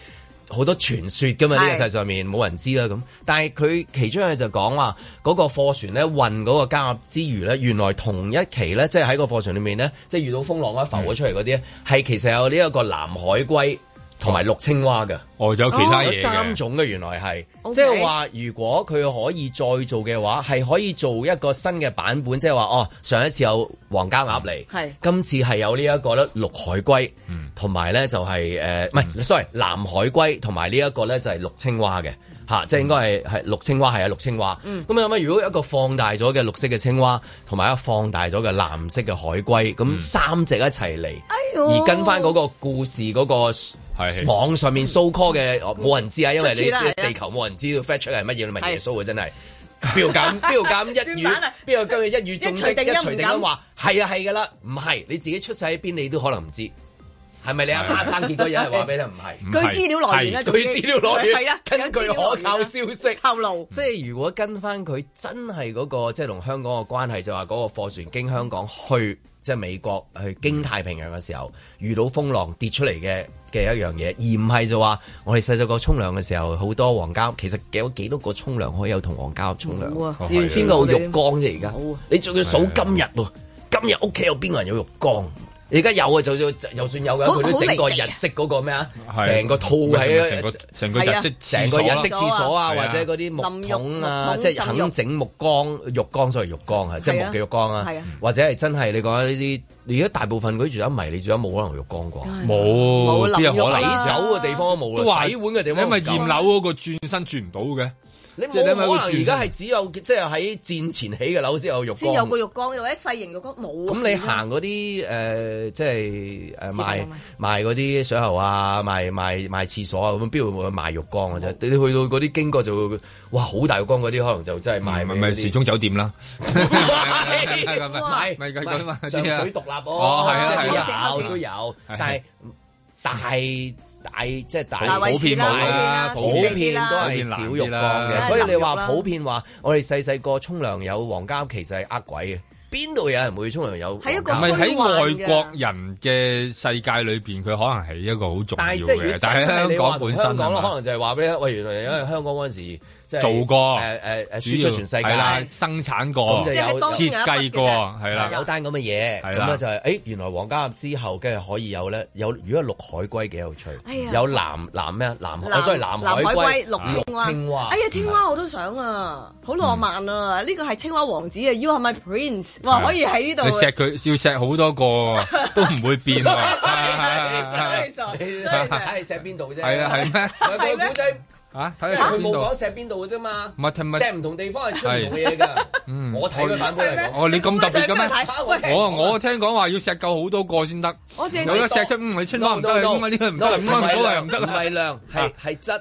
好多傳說㗎嘛，呢個世界上面冇人知啦咁。但係佢其中一樣就講話，嗰個貨船咧運嗰個膠鴨之餘咧，原來同一期咧，即係喺個貨船裡面咧，即係遇到風浪咧浮咗出嚟嗰啲咧，係其實有呢一個南海龜。同埋綠青蛙嘅，哦，有其他嘢嘅、哦、三種嘅，原來係即係話，Okay. 如果佢可以再做嘅話，係可以做一個新嘅版本，即係話哦，上一次有黃膠鴨嚟，係是今次係有呢、這、一個咧綠海龜，嗯，同埋咧就係、是、誒、唔、呃、係、嗯、sorry，藍海龜同埋呢一個咧就係綠青蛙嘅。嚇，即係應該係係綠青蛙，係啊，綠青蛙。咁啊，如果一個放大咗嘅綠色嘅青蛙，同埋一個放大咗嘅藍色嘅海龜，咁、嗯、三隻一齊嚟，哎、呦而跟翻嗰個故事嗰個網上面 search 嘅，冇人知啊，因為你地球冇人知道 fetch 係乜嘢，你問耶穌啊，真係彥，邊個咁？邊個咁？一語邊個今日一語中的，一語定音話係啊，係㗎啦，唔係你自己出世喺邊，你都可能唔知。係咪你阿阿生結果有係話俾你唔係？據資料來源咧，據資料來源係啊，根據可靠消息透露，即係如果跟翻佢真係嗰個即係同香港嘅關係，就話嗰個貨船經香港去即係美國去經太平洋嘅時候，遇到風浪跌出嚟嘅嘅一樣嘢，而唔係就話我哋細細個沖涼嘅時候好多黃膠，其實有幾多個沖涼可以有同黃膠沖涼？完全個浴缸啫，而家你仲要數今日喎，今日屋企有邊個人有浴缸？你而家有啊，就算就算有嘅，佢都整個日式嗰個咩啊？成個套係，成個日式，成個日式廁所啊，或者嗰啲木桶啊，即係肯整木缸浴缸，所以浴缸啊，即係木嘅浴缸啊，或者係真係你講呢啲，而家大部分嗰啲住喺埋，你住喺冇可能浴缸啩？冇邊有洗手嘅地方都冇啦，都洗碗嘅地方，因為驗樓嗰個轉身轉唔到嘅。你冇可能而家係只有即係喺戰前起嘅樓先有浴缸，先有個浴缸，又或者細型浴缸冇。咁你行嗰啲誒，即係賣賣嗰啲水喉啊，賣賣賣廁所啊，咁邊會去賣浴缸啊？啫！你去到嗰啲經過就會哇，好大浴缸嗰啲，可能就真係賣咪咪、嗯、時鐘酒店啦。係唔係唔上水獨立喎，係啲酒店都有，但係但係。大即係、就是、大普遍冇啦，普遍都係少浴缸嘅，所以你話普遍話，嗯、我哋細細個沖涼有黃膠其實係呃鬼嘅，邊度有人會沖涼有？係一個唔係喺外國人嘅世界裏邊，佢可能係一個好重要嘅。但係喺香，香港，香港本身，可能就係話俾你聽，喂，原來因為香港嗰陣時。做過，誒誒誒輸出全世界啦，生產過，咁就有設計過，係啦，有單咁嘅嘢，咁啊就係，誒原來皇家鴨之後嘅可以有咧，有如果綠海龜幾有趣，有藍藍咩啊，藍，所以藍海龜、綠青蛙，哎呀青蛙我都想啊，好浪漫啊，呢個係青蛙王子啊，You are my prince，哇可以喺呢度，你錫佢要錫好多個，都唔會變啊，所以所以所以所以睇你錫邊度啫，係啊係咩？係咩？啊！睇佢冇講石邊度嘅啫嘛，唔係，唔係石唔同地方係出唔同嘅嘢㗎。嗯，我睇佢反過嚟講。哦，你咁特別嘅咩？我我聽講話要石夠好多個先得。我淨係石出，嗯，你稱講唔得，因為呢個唔得，唔得唔得又唔得。係係質。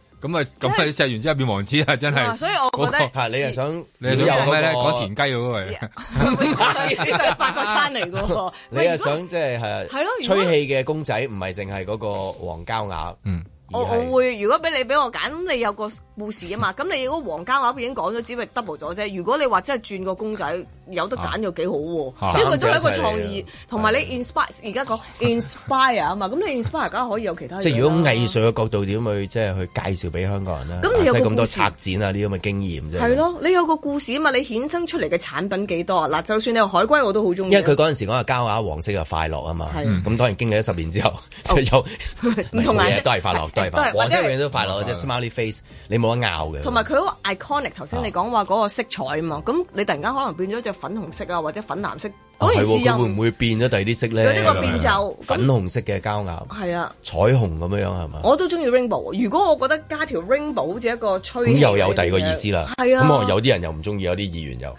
咁啊，咁啊，食完之後變王子啊，真係。所以我覺得，你係想，你係咩咧？講田雞嗰個。你係發覺翻嚟嘅喎。你係想即係係。係咯。吹氣嘅公仔唔係淨係嗰個黃膠鴨。嗯。我我會，如果俾你俾我揀，你有個故事啊嘛。咁你如果黃膠鴨已經講咗，只係 double 咗啫。如果你話真係轉個公仔。有得揀又幾好喎，因為佢都係一個創意，同埋你 inspire 而家講 inspire 啊嘛，咁你 inspire 而家可以有其他即係如果藝術嘅角度點去即係去介紹俾香港人咧，咁你有咁多策展啊呢啲咁嘅經驗啫。係咯，你有個故事啊嘛，你衍生出嚟嘅產品幾多啊？嗱，就算你有海龜我都好中意。因為佢嗰陣時講啊交下黃色啊快樂啊嘛，咁當然經歷咗十年之後，即係有唔同顏色都係快樂，都係黃色永遠都快樂啫。Smiley face 你冇得拗嘅。同埋佢嗰 iconic 頭先你講話嗰個色彩啊嘛，咁你突然間可能變咗隻。粉紅色啊，或者粉藍色嗰件事會唔會變咗第二啲色咧？有啲個變就吧那粉紅色嘅膠鴨，係啊，彩虹咁樣樣係咪？我都中意 rainbow。如果我覺得加條 rainbow 好似一個吹咁又有第二個意思啦。係啊，咁我有啲人又唔中意，有啲議員又。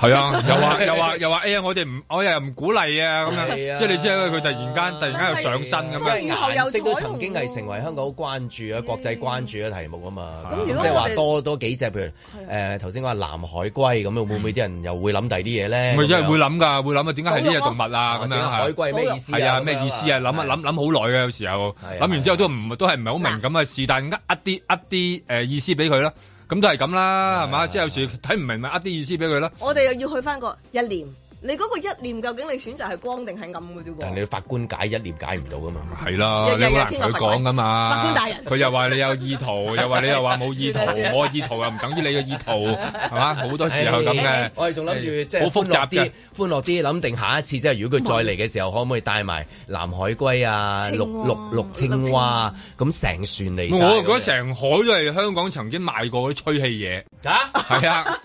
係啊，又話又話又話，哎呀！我哋唔，我又唔鼓勵啊咁樣，即係你知佢突然間突然間又上身。咁樣，又認識曾經係成為香港好關注啊、國際關注嘅題目啊嘛，即係話多多幾隻，譬如誒頭先話南海龜咁樣，會唔會啲人又會諗第啲嘢咧？唔係，即係會諗㗎，會諗啊，點解係呢隻動物啊？咁樣嚇，海龜咩意思啊？係啊，咩意思啊？諗啊諗諗好耐嘅，有時候諗完之後都唔都係唔係好明咁啊，是但係一啲噏啲誒意思俾佢咯。咁都係咁啦，係嘛、哎呀！即係有時睇唔明咪呃啲意思俾佢咯。我哋又要去翻個一年。你嗰個一念究竟你選擇係光定係暗嘅啫喎？但係你法官解一念解唔到噶嘛？係啦，好難同佢講噶嘛？法官大人，佢又話你有意圖，又話你又話冇意圖，我意圖又唔等於你嘅意圖，係嘛？好多時候咁嘅。我哋仲諗住即係好複雜啲，歡樂啲諗定下一次，即係如果佢再嚟嘅時候，可唔可以帶埋藍海龜啊、綠綠綠青蛙咁成船嚟？我覺得成海都係香港曾經賣過嗰啲吹氣嘢啊！係啊，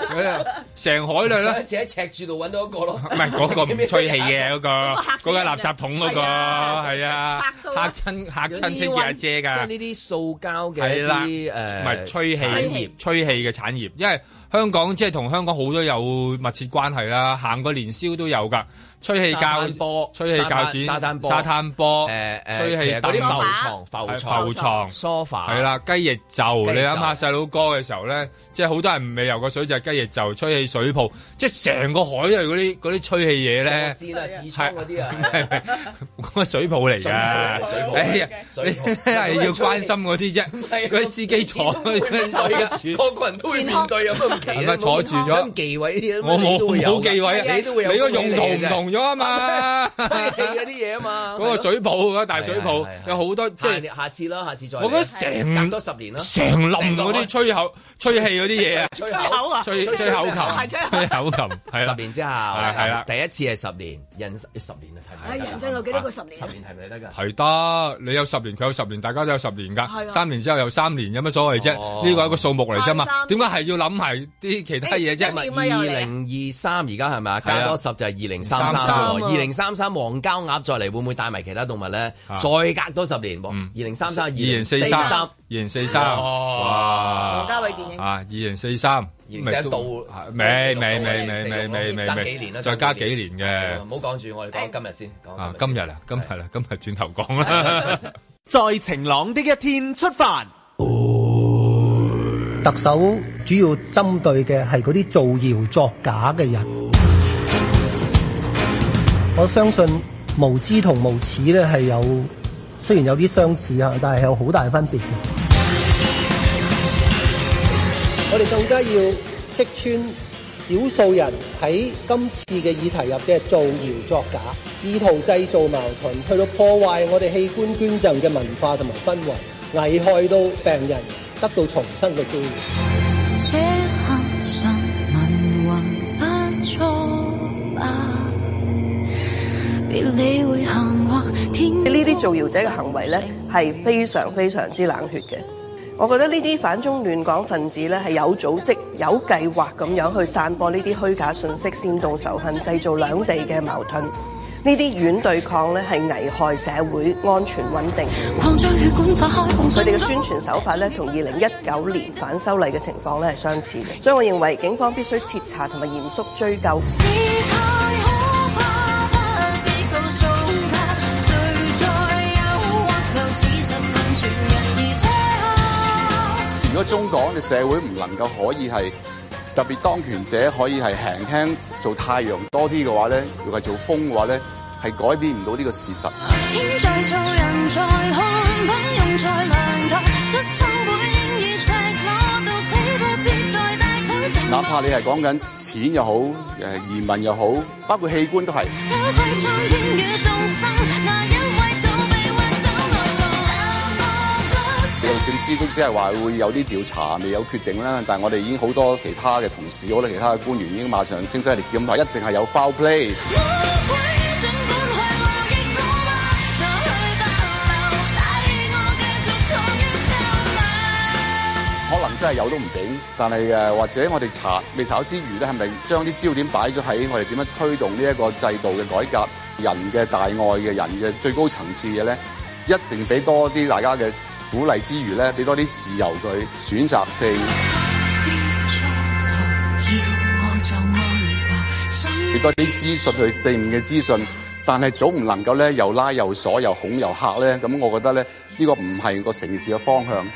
成海啦～上次喺赤柱度揾到一個咯。唔係嗰個唔吹氣嘅嗰、嗰個，嗰個垃圾桶嗰、嗰個，係啊，啊啊啊嚇親到嚇親清潔阿姐㗎。即係呢啲塑膠嘅係啦，誒，唔係吹氣業，吹氣嘅產業，因為香港即係同香港好多有密切關係啦，行過年宵都有㗎。吹氣膠波、吹氣膠墊、沙灘波、誒吹氣浮牀、浮牀、浮床。sofa，係啦，雞翼就你諗下細佬哥嘅時候咧，即係好多人未游過水就係雞翼就、吹氣水泡，即係成個海都係嗰啲啲吹氣嘢咧。知啦，紙箱嗰啲啊，係係嗰個水泡嚟㗎，水泡係要關心嗰啲啫，嗰啲司機坐，個個人都會面對有乜問題，坐住咗。我冇冇忌諱，你都會你個用途唔同。咗啊嘛，吹氣嗰啲嘢啊嘛，嗰個水泡，嗰個大水泡有好多，即係下次咯，下次再。我覺得成多十年咯，成林嗰啲吹口、吹氣嗰啲嘢啊。吹口啊！吹口琴，吹口琴。十年之後，係啦，第一次係十年，人十年啊，睇唔係人生有幾多個十年？十年睇唔得㗎？睇得，你有十年，佢有十年，大家都有十年㗎。三年之後又三年，有乜所謂啫？呢個係個數目嚟啫嘛？點解係要諗埋啲其他嘢啫？二零二三而家係咪啊？加多十就係二零三。三二零三三，黃膠鴨再嚟會唔會帶埋其他動物咧？再隔多十年，二零三三二零四三二零四三，王家衛電影啊，二零四三，而且到未未未未未未未，再加幾年嘅，唔好講住，我哋講今日先。啊，今日啊，今日啦，今日轉頭講啦。在晴朗的一天出發，特首主要針對嘅係嗰啲造謠作假嘅人。我相信無知同無恥咧，係有雖然有啲相似啊，但係有好大分別嘅。 我哋更加要識穿少數人喺今次嘅議題入邊造謠作假，意圖製造矛盾，去到破壞我哋器官捐贈嘅文化同埋氛圍，危害到病人得到重生嘅機會。呢啲造謠者嘅行為呢係非常非常之冷血嘅。我覺得呢啲反中亂港分子呢係有組織、有計劃咁樣去散播呢啲虛假信息，煽動仇恨，製造兩地嘅矛盾。呢啲軟對抗呢係危害社會安全穩定。佢哋嘅宣傳手法呢同二零一九年反修例嘅情況呢係相似嘅。所以我認為警方必須徹查同埋嚴肅追究。如果中港嘅社會唔能夠可以係特別當權者可以係行輕做太陽多啲嘅話咧，如果係做風嘅話咧，係改變唔到呢個事實。哪怕你係講緊錢又好，誒移民又好，包括器官都係。政司都只係話會有啲調查未有決定啦，但係我哋已經好多其他嘅同事，我哋其他嘅官員已經馬上聲嘶力竭咁話一定係有 foul play。 可能真係有都唔定，但係誒，或者我哋查未查咗之餘咧，係咪將啲焦點擺咗喺我哋點樣推動呢一個制度嘅改革？人嘅大愛嘅人嘅最高層次嘅咧，一定俾多啲大家嘅。鼓勵之餘咧，俾多啲自由佢選擇性，俾 多啲資訊去正面嘅資訊，但係總唔能夠咧又拉又鎖又恐又嚇咧，咁我覺得咧呢、這個唔係個城市嘅方向。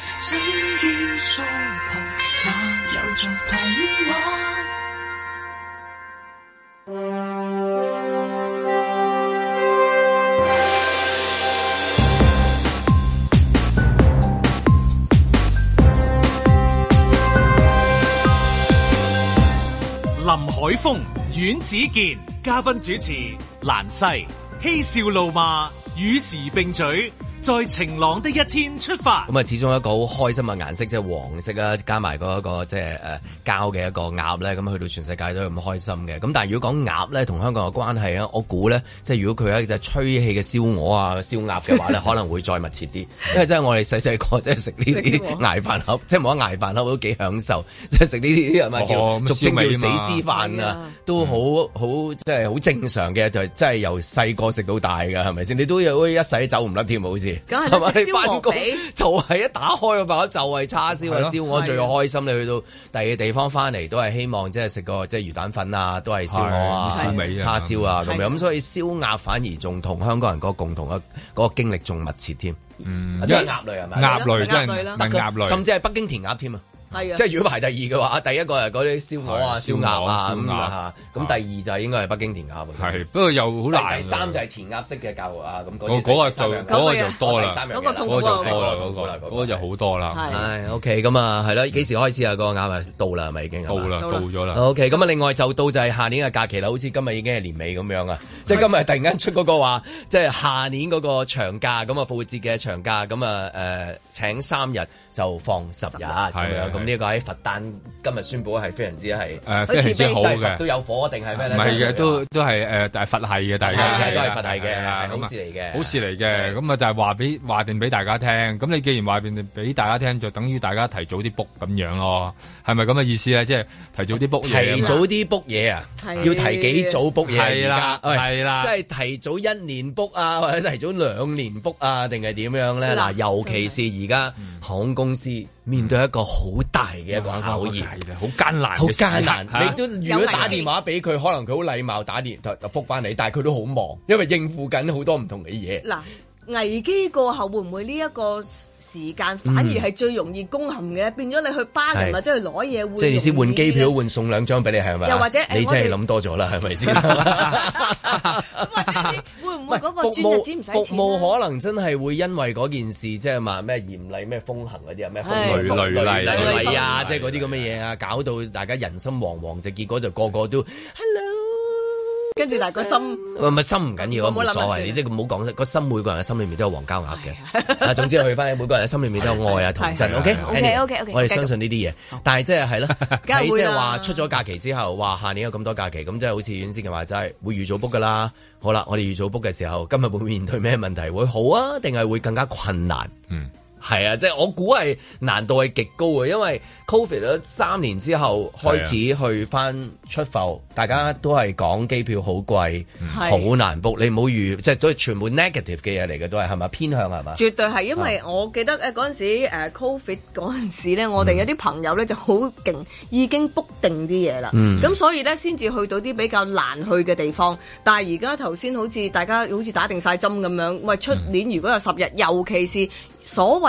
林海峰、阮子健嘉賓主持，蘭西嬉笑怒罵，與時並舉。在晴朗的一天出發。咁啊，始終一個好開心嘅顏色，即係黃色啊，加埋嗰一個即係誒膠嘅一個鴨咧，咁去到全世界都咁開心嘅。咁但係如果講鴨咧，同香港嘅關係啊，我估咧，即係如果佢係一隻吹氣嘅燒鵝啊、燒鴨嘅話咧，可能會再密切啲。 因為真係我哋細細個即係食呢啲挨飯盒，即係冇得挨飯盒都幾享受，即係食呢啲啊嘛叫俗稱、哦、叫死屍飯啊，呀都好好即係好正常嘅，就係真係由細個食到大嘅，係咪先？你都有，一世走唔甩添，好似。梗係都食燒鵝，就係一打開個包就係叉燒啊！燒鵝最開心。你去到第二個地方翻嚟，都係希望即係食個即係魚蛋粉啊，都係燒鵝啊、燒味叉燒啊咁樣。咁所以燒鴨反而仲同香港人嗰個共同嘅嗰個經歷仲密切添。因為鴨類係咪？鴨類真係，甚至係北京填鴨添啊！係，即係如果排第二嘅話，第一個係嗰啲燒鵝啊、燒鴨啊咁啊吓，咁第二就係應該係北京填鴨。係，不過又好難。第三就係填鴨式嘅教育啊，咁嗰嗰個數，嗰個就多啦，嗰個就多啦，嗰個就好多啦。係，OK，咁啊，係啦，幾時開始啊？個鴨啊，到啦，係咪已經？到啦，到咗啦。OK，咁啊，另外就到就係下年嘅假期啦。好似今日已經係年尾咁樣啊，即係今日突然間出嗰個話，即係下年嗰個長假咁啊，復活節嘅長假咁啊，誒，請三日。就放十日咁樣，咁呢個喺佛誕今日宣布係非常之係誒，非常之好嘅，都有火定係咩咧？唔係嘅，都都係誒，佛系嘅，大家都係佛系嘅好事嚟嘅，好事嚟嘅，咁啊就係話俾話定俾大家聽。咁你既然話定俾大家聽，就等於大家提早啲 book 咁樣咯，係咪咁嘅意思咧？即係提早啲 book，提早啲 book 嘢啊，要提幾早 book 嘢而家係啦，即係提早一年 book 啊，或者提早兩年 book 啊，定係點樣咧？嗱，尤其是而家航空。公司面對一個好大嘅一個考驗，好艱難，好艱難。你都如果打電話俾佢，可能佢好禮貌打電就覆返你。但係佢都好忙，因為應付緊好多唔同嘅嘢。危機過後會唔會呢一個時間反而係最容易攻陷嘅？變咗你去巴黎咪是即係攞嘢換，即係意思換機票換送兩張俾你係咪？是是，又或者你真係諗多咗啦，係咪先？會唔會嗰個轉日子唔使錢服，服務可能真係會因為嗰件事，即係話咩嚴厲咩風行嗰啲啊咩？累累厲厲厲啊！即係嗰啲咁嘅嘢啊，搞到大家人心惶惶，就結果就個個，個都。 跟住，但係個心唔係心唔緊要，啊，冇所謂。啊、你即係唔好講個心，每個人嘅心裏面都有黃膠鴨嘅。啊， 總之去翻，每個人嘅心裏面都有愛啊、童真。 O K，O K，我哋相信呢啲嘢。 但係即係係咯，喺、啊、即係話出咗假期之後，話下年有咁多假期，咁即係好似遠先嘅話，就係會預早 book 噶啦。好啦，我哋預早 book 嘅時候，今日會面對咩問題？會好啊，定係會更加困難？嗯。係啊，即係我估係難度係極高嘅，因為 Covid 咗三年之後開始去翻出埠，是啊、大家都係講機票好貴，好是、啊、難 book。你唔好預，即係都係全部 negative 嘅嘢嚟嘅，都係，係咪？偏向係咪？絕對係，因為我記得誒嗰陣時誒、uh, Covid 嗰陣時咧，我哋有啲朋友咧就好勁已經 book 定啲嘢啦。咁是、啊、所以咧先至去到啲比較難去嘅地方。但係而家頭先好似大家好似打定晒針咁樣喂，出年如果有十日，尤其是所謂。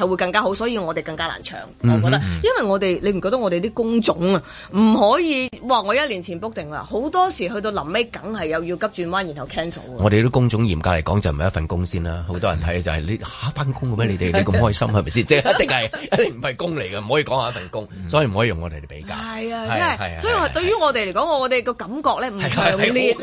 係會更加好，所以我哋更加難搶，我覺得，因為我哋你唔覺得我哋啲工種啊，唔可以話我一年前 book 定啦，好多時去到臨尾，梗係又要急轉彎，然後 cancel 喎。我哋啲工種嚴格嚟講就唔係一份工先啦，好多人睇就係你嚇翻工嘅咩？你哋你咁開心係咪先？即係一定係一定唔係工嚟嘅，唔可以講係一份工，所以唔可以用我哋嚟比較。係啊，即係，所以話對於我哋嚟講，我我哋個感覺咧唔係強烈。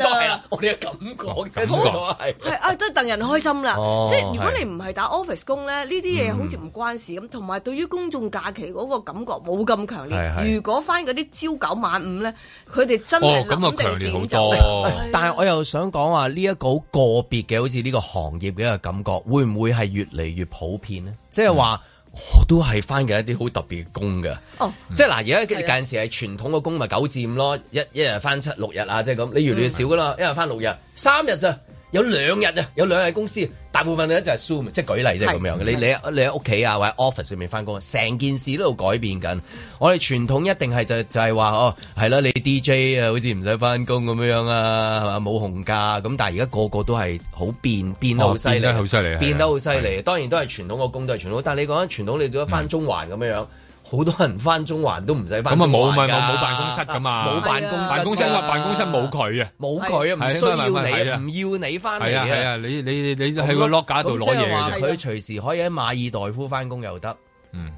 我哋感覺就係係啊，都戥人開心啦。即係如果你唔係打 office 工咧，呢啲嘢好似唔～關事咁，同埋對於公眾假期嗰個感覺冇咁強烈。是是如果翻嗰啲朝九晚五咧，佢哋真係咁強，哦、烈好多。但係我又想講話呢一個好個別嘅，好似呢個行業嘅一個感覺，會唔會係越嚟越普遍呢？即係話我都係翻嘅一啲好特別嘅工噶。哦，即係嗱，而家有陣時係傳統嘅工咪九至五咯，一一日翻七六日啊，即係咁，你越嚟越少噶啦，一日翻六日，三日咋？有兩日啊，有兩日公司大部分咧就係 Zoom，即係舉例即係咁樣嘅。你你你喺屋企啊，或者 office 上面翻工，成件事都喺度改變緊。我哋傳統一定係就係、就係、係、話哦，係咯，你 DJ 啊，好似唔使翻工咁樣啊，係嘛冇紅假咁。但係而家個個都係好變變得好犀利，變得好犀利，變得好犀利。當然都係傳統個工都係傳統，但係你講傳統，你都果翻中環咁樣樣。嗯好多人翻中環都唔使翻咁啊！冇咪冇冇辦公室噶嘛？冇辦公室、啊，辦公室、啊、辦公室冇佢啊！冇佢啊！唔的需要你，唔的要你翻嚟。係啊係啊！你你你你喺個 locker 度攞嘢嘅啫。佢隨時可以喺馬爾代夫翻工又得。的嗯。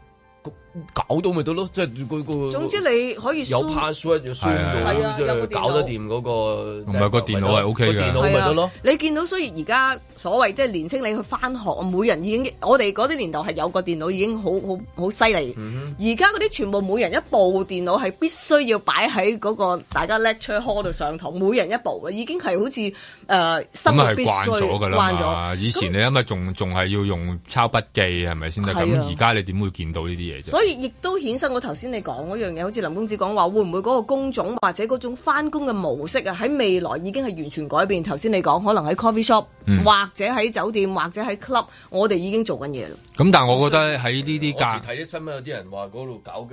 搞到咪得咯，即係佢佢。個個總之你可以。有 password 就算到，即搞得掂嗰個。同埋個電腦係 OK 嘅。電腦咪得咯。你見到所以而家所謂即係年輕，你去返學，每人已經我哋嗰啲年代係有個電腦已經好好好犀利。而家嗰啲全部每人一部電腦係必須要擺喺嗰個大家 lecture hall 度上堂，嗯、每人一部已經係好似誒、呃、心裏必須慣咗㗎喇。以前那你因為仲仲係要用抄筆記係咪先得？咁而家你點會見到呢啲嘢啫？所以亦都衍生我頭先你講嗰樣嘢，好似林公子講話，會唔會嗰個工種或者嗰種翻工嘅模式啊？喺未來已經係完全改變。頭先你講，可能喺 coffee shop，或者喺酒店，或者喺 club，我哋已經做緊嘢啦。咁但係我覺得喺呢啲間，時睇啲新聞有啲人話嗰度搞緊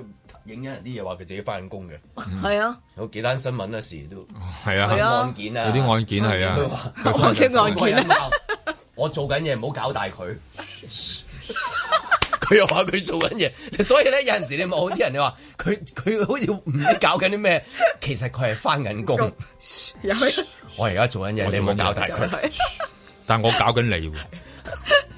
影緊啲嘢，話佢自己翻工嘅。係啊，有幾單新聞啊，時都係啊，有啲案件係啊，我做緊嘢唔好搞大佢。佢又話佢做緊嘢，所以咧有陣時你好啲人，你話佢佢好似唔知搞緊啲咩，其實佢係返緊工。我而家做緊嘢，噓你冇搞大佢，就是，但我搞緊你喎！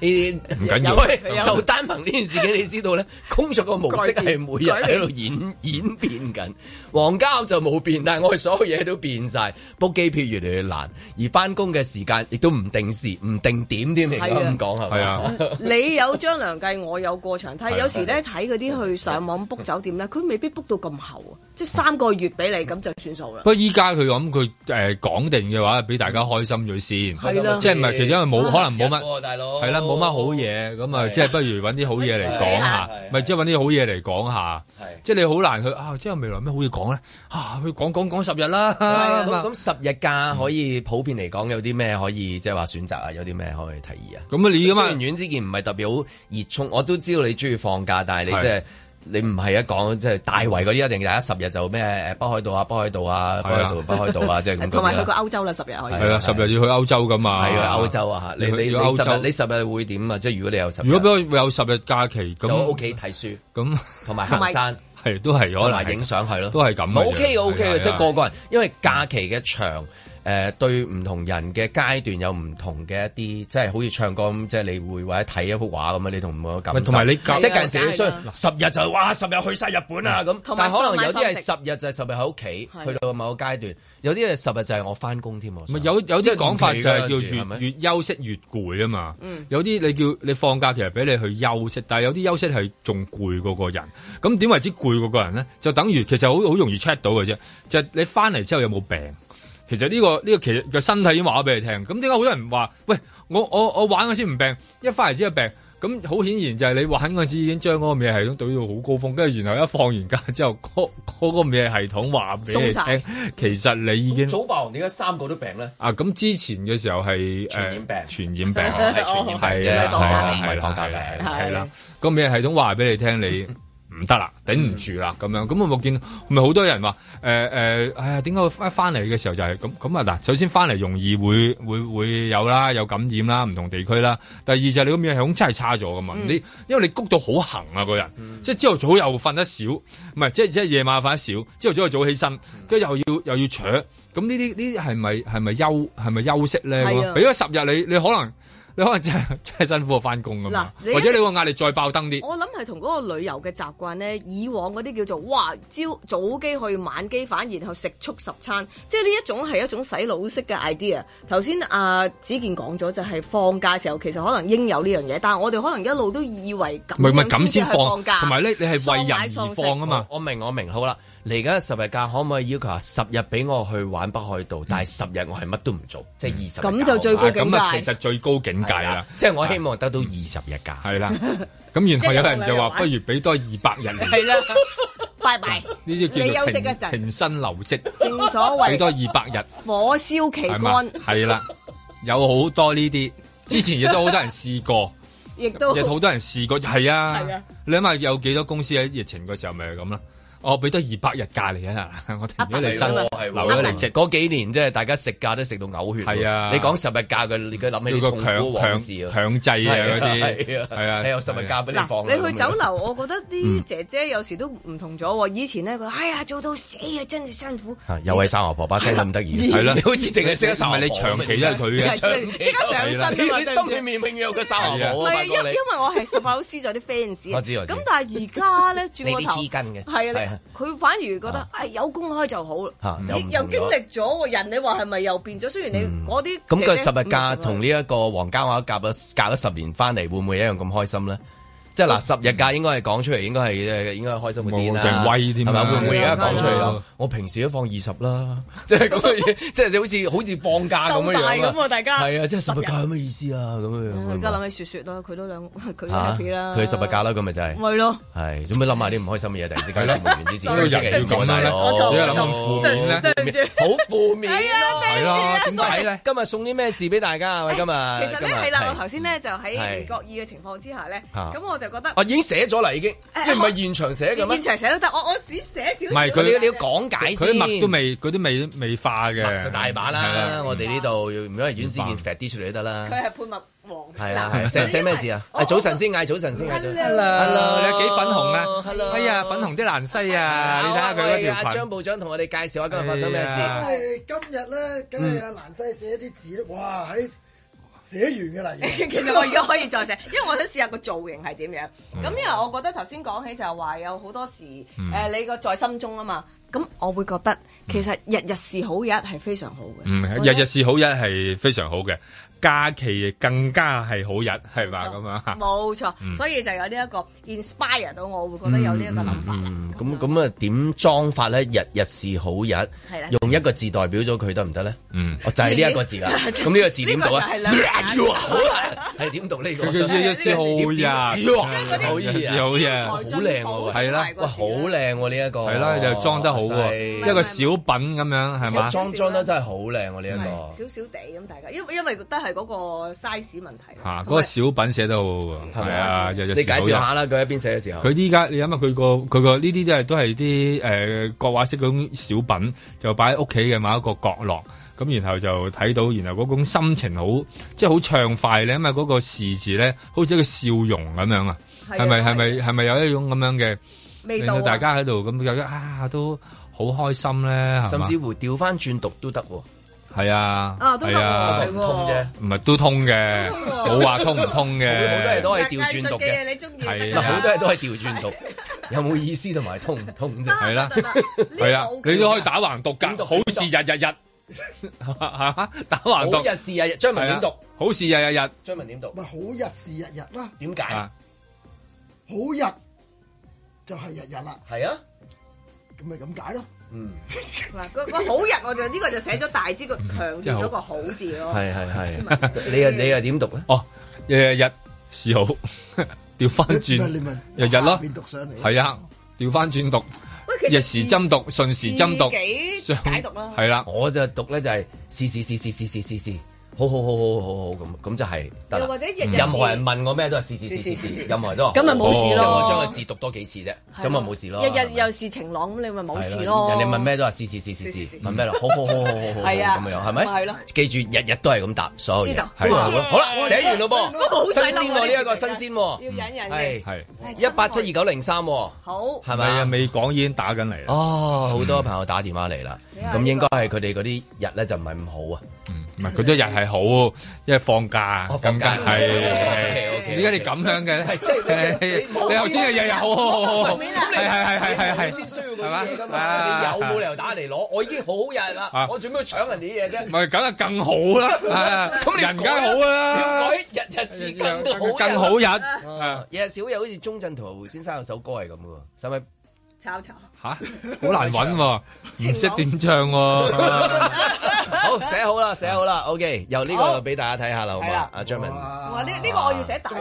呢啲唔緊要，以 就單憑呢件事嘅，你知道咧，工作個模式係每日喺度演演變緊。變王家就冇變，但係我哋所有嘢都變晒。book 機票越嚟越難，而翻工嘅時間亦都唔定時、唔定點添，而家咁講係啊？你有張良計，我有過牆梯，有時咧睇嗰啲去上網 book 酒店咧，佢未必 book 到咁厚啊，即係三個月俾你咁就算數啦。不過依家佢咁，佢誒講定嘅話，俾大家開心咗先，係即係唔係？其實因為冇可能冇乜，係啦、啊。冇乜好嘢，咁啊，即係好不如揾啲好嘢嚟 講下，咪即係揾啲好嘢嚟講下。係，即係你好難去啊！即係未來咩好嘢講咧？啊，去講，啊、講講講十日啦。係啊，咁 十日假可以、嗯、普遍嚟講有啲咩可以即係話選擇啊？有啲咩可以提議啊？咁啊你噶嘛？雖然遠之見唔係特別好熱衷，我都知道你中意放假，但係你即、就、係、是。你唔係一講即係大圍嗰啲一定大家十日就咩北海道啊，北海道啊，北海道，北海道啊，即係咁多同埋去過歐洲啦，十日係啊，十日要去歐洲㗎嘛？係啊，歐洲啊你你你十日你十日會點啊？即係如果你有十如果有十日假期咁，就屋企睇書咁，同埋行山，係都係可嗱影相係咯，都係咁。OK OK，即係個個人，因為假期嘅長。誒、呃，對唔同人嘅階段有唔同嘅一啲，即係好似唱歌咁，即係你會或者睇一幅畫咁啊？你同我感受，同埋你即係近時你需要十日就哇，十日去晒日本啊咁，但係可能有啲係十日就係，十日喺屋企，的去到某個階段，有啲係十日就係我翻工添喎。有有啲講法就係叫越，越休息越攰啊嘛。嗯、有啲你叫你放假其實俾你去休息，但係有啲休息係仲攰過個人。咁點為之攰過個人咧？就等於其實好好容易 check 到嘅啫，就係、係、你翻嚟之後有冇病。其實呢個呢個其實個身體已經話咗俾你聽，咁點解好多人話，喂，我我我玩嗰時唔病，一翻嚟之後病，咁好顯然就係你玩嗰時已經將嗰個免疫系統懟到好高峰，跟住然後一放完假之後，嗰嗰個免疫系統話俾你聽，其實你已經早爆王。點解三個都病咧？啊，咁之前嘅時候係傳染病，傳染病係傳染病，係啦係啦係啦，個免疫系統話俾你聽你。唔得啦，頂唔住啦，咁樣，咁我見到，咪好多人話，誒、呃、誒、呃，哎呀，點解一翻嚟嘅時候就係咁咁啊？嗱，首先翻嚟容易會會會有啦，有感染啦，唔同地區啦。第二就係你個免疫系統真係差咗噶嘛，嗯、你因為你谷到好痕啊個人，即係朝頭早又瞓得少，唔係即係即係夜晚瞓得少，朝頭早又早起身，跟住又要又要扯，咁呢啲呢啲係咪係咪休係咪休息咧？俾咗十日你你可能。你可能真係真係辛苦翻工咁，或者你個壓力再爆燈啲。我諗係同嗰個旅遊嘅習慣呢，以往嗰啲叫做哇朝早機去晚機返，然後食速食餐，即係呢一種係一種洗腦式嘅 idea。頭先阿子健講咗就係放假時候，其實可能應有呢樣嘢，但係我哋可能一路都以為咁先放假，同埋咧你係為人而放啊嘛喪喪我。我明我明，好啦。嚟緊十日假可唔可以要求下？十日俾我去玩北海道，但係十日我係乜都唔做，即係二十日。咁就最高境界。咁啊，其實最高境界啦，即係我希望得到二十日假。係啦，咁然後有人就話不如俾多二百日。係啦，拜拜。呢啲叫你休息一陣，停薪留職。正所謂俾多二百日，火燒旗杆。係啦，有好多呢啲，之前亦都好多人試過，亦都有好多人試過，係啊。係啊。你諗下有幾多公司喺疫情嘅時候咪係咁啦？我俾多二百日假你啊，我停咗你薪，留咗你嗰幾年，即係大家食價都食到嘔血。係啊，你講十日假嘅，你而家諗起呢個強強事，強制啊嗰啲，係啊，係啊，你有十日假俾你放。嗱，你去酒樓，我覺得啲姐姐有時都唔同咗。以前咧，佢哎呀做到死啊，真係辛苦。又係三阿婆把聲咁得意，係啦，你好似淨係識得三阿婆。唔係你長期都係佢嘅，長期係啦，你心裏面永遠有個三阿婆。唔係因因為我係實拍好絲在啲 fans。我知我知。咁但係而家咧轉個頭，你黐筋嘅，係啊。佢反而覺得，啊、哎，有公開就好啦。啊、你又經歷咗，個人你話係咪又變咗？嗯、雖然你嗰啲咁佢十日假同呢一個黃家華隔咗隔咗十年翻嚟，會唔會一樣咁開心咧？即係嗱，十日假應該係講出嚟，應該係應該開心啲啦。冇正威啲，係咪？會唔會而家講出嚟咯？我平時都放二十啦，即係咁嘅嘢，即係好似好似放假咁樣啦。咁啊，大家係啊，即係十日假係咩意思啊？咁樣而家諗起雪雪咯，佢都兩佢 happy 啦，佢十日假啦，咁咪就係唔係咯？係做咩諗下啲唔開心嘅嘢？突然之間，節目完之前。今日要講，大佬，諗諗負面咧，好負面。係啦，點解咧？今日送啲咩字俾大家啊？今日其實咧係啦，我頭先咧就喺唔覺意嘅情況之下咧，咁我就。我已經寫咗啦，已經。你唔係現場寫，現場寫都得。我我寫少少。唔係，你要你要講解先。佢墨都未，佢啲墨未化嘅。墨就大把啦，我哋呢度，如果係軟紙件，撇啲出嚟都得啦。佢係配墨黃。係啊，寫寫咩字啊？早晨先嗌早晨先。嗌 Hello，Hello，你幾粉紅啊？哎呀，粉紅啲蘭西啊！你睇下佢嗰條裙。張部長同我哋介紹下今日發生咩事？因為今日咧，咁啊蘭西寫啲字咧，哇喺～寫完嘅啦， 其實我而家可以再寫，因為我想試下個造型係點樣。咁、嗯、因為我覺得頭先講起就話有好多時，誒、嗯呃、你個在心中啊嘛，咁我會覺得其實日日是好日係非常好嘅。嗯，呢日日是好日係非常好嘅。假期更加係好日，係嘛咁樣？冇錯，所以就有呢一個 inspire 到我會覺得有呢一個諗法。咁咁啊，點裝法咧？日日是好日，用一個字代表咗佢得唔得咧？嗯，就係呢一個字啦。咁呢個字點讀咧？好日係點讀呢個？佢叫日好日，好日，好日，好靚喎！係啦，好靚喎！呢一個係啦，又裝得好喎，一個小品咁樣係嘛？裝裝得真係好靚喎！呢一個少少地咁，大家因因為覺得係。嗰個 size 問題嚇，嗰個小品寫到係咪啊？你介紹下啦，佢一邊寫嘅時候，佢依家你諗下佢個佢個呢啲都係都係啲誒國畫式嗰種小品，就擺喺屋企嘅某一個角落咁，然後就睇到，然後嗰種心情好即係好暢快你咁啊，嗰個時字字咧，好似一個笑容咁樣啊，係咪係咪係咪有一種咁樣嘅味道啊？大家喺度咁覺得，啊，都好開心咧，甚至乎調翻轉讀都得喎。係啊，係啊，唔係都通嘅。冇話通唔通嘅。好多嘢都可以調轉讀嘅，你中意係啦。好多嘢都可以調轉讀，有冇意思同埋通唔通啫？係啦，係啦，你都可以打橫讀噶。好事日日日，吓吓打橫讀日是日日，張文點讀？好事日日日，張文點讀？咪好日是日日啦？點解？好日就係日日啦？係啊，咁咪咁解咯。嗯，嗱 個，個好日我就呢個就寫咗大支個強調咗、嗯、個好字咯，係係係，你又你又點讀咧？哦， 日日是好，調翻轉，日日咯，變讀上嚟，係啊，調翻轉讀，嗯、日時針讀，順時針讀，想解讀啦，係啦、啊，我讀就讀咧就係試試試試試試試。試試試試試試。好好好好好好，咁咁就係得啦。任何人問我咩都係試試試試試，任何人都咁咪冇事咯。就將個字讀多幾次啫，咁咪冇事咯。日日又是晴朗，你咪冇事咯。人哋問咩都係試試試試試，問咩咯？好好好好好好，係啊咁樣，係咪？記住日日都係咁答所有好啦，寫完咯噃，好新鮮喎，呢一個新鮮喎。要忍忍先。係係一八七二九零三。好係咪？未講已經打緊嚟。哦，好多朋友打電話嚟啦。咁應該係佢哋嗰啲日咧就唔係咁好啊，唔係佢啲日係好，因為放假更加係。點解你咁樣嘅？即係你你唔好。你頭先係日日好好好好，咁你係係係係係先需要嗰啲嘅嘛？有冇理由打嚟攞？我已經好日啦，我做咩搶人哋啲嘢啫？唔係梗係更好啦，係，咁你改日日是更好更好日。日日少嘢，好似鍾鎮濤先生有首歌係咁嘅喎，係咪？炒炒，吓，好難揾喎，唔識點唱喎。好，寫好啦，寫好啦。OK，由呢個俾大家睇下啦喎，阿張文，我呢呢個我要寫大啲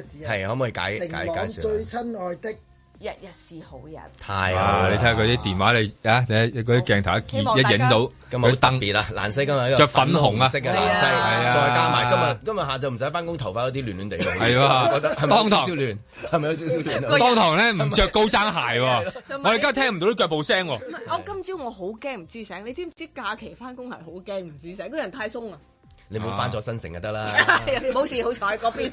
啊。係，可唔可以解解介紹？最親愛的。解解日日是好人，係啊！你睇下嗰啲電話你啊，你嗰啲鏡頭一見一影到好特別啦，藍色今日着粉紅啊，色嘅藍色，係啊，再加埋今日今日下晝唔使翻工，頭髮有啲亂亂地喎，係喎，當堂少少亂，係咪有少少亂？當堂咧唔着高踭鞋喎，我而家聽唔到啲腳步聲喎。我今朝我好驚唔知醒，你知唔知假期翻工係好驚唔知醒，個人太鬆啊。你冇翻咗新城就得啦，冇事好彩嗰邊。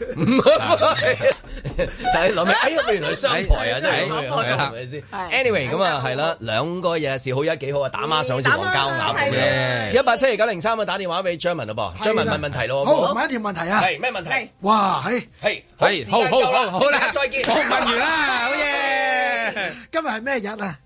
但係諗下，哎呀，原來商台啊，真係先？Anyway，咁啊係啦，兩個嘢事好一幾好啊，打孖上好似黃膠鴨咁樣。一八七二九零三啊，打電話俾張文咯噃，張文問問題咯。好問一條問題啊，係咩問題？哇，係係係，好好好好啦，再見。問完啦，好嘢。今日係咩日啊？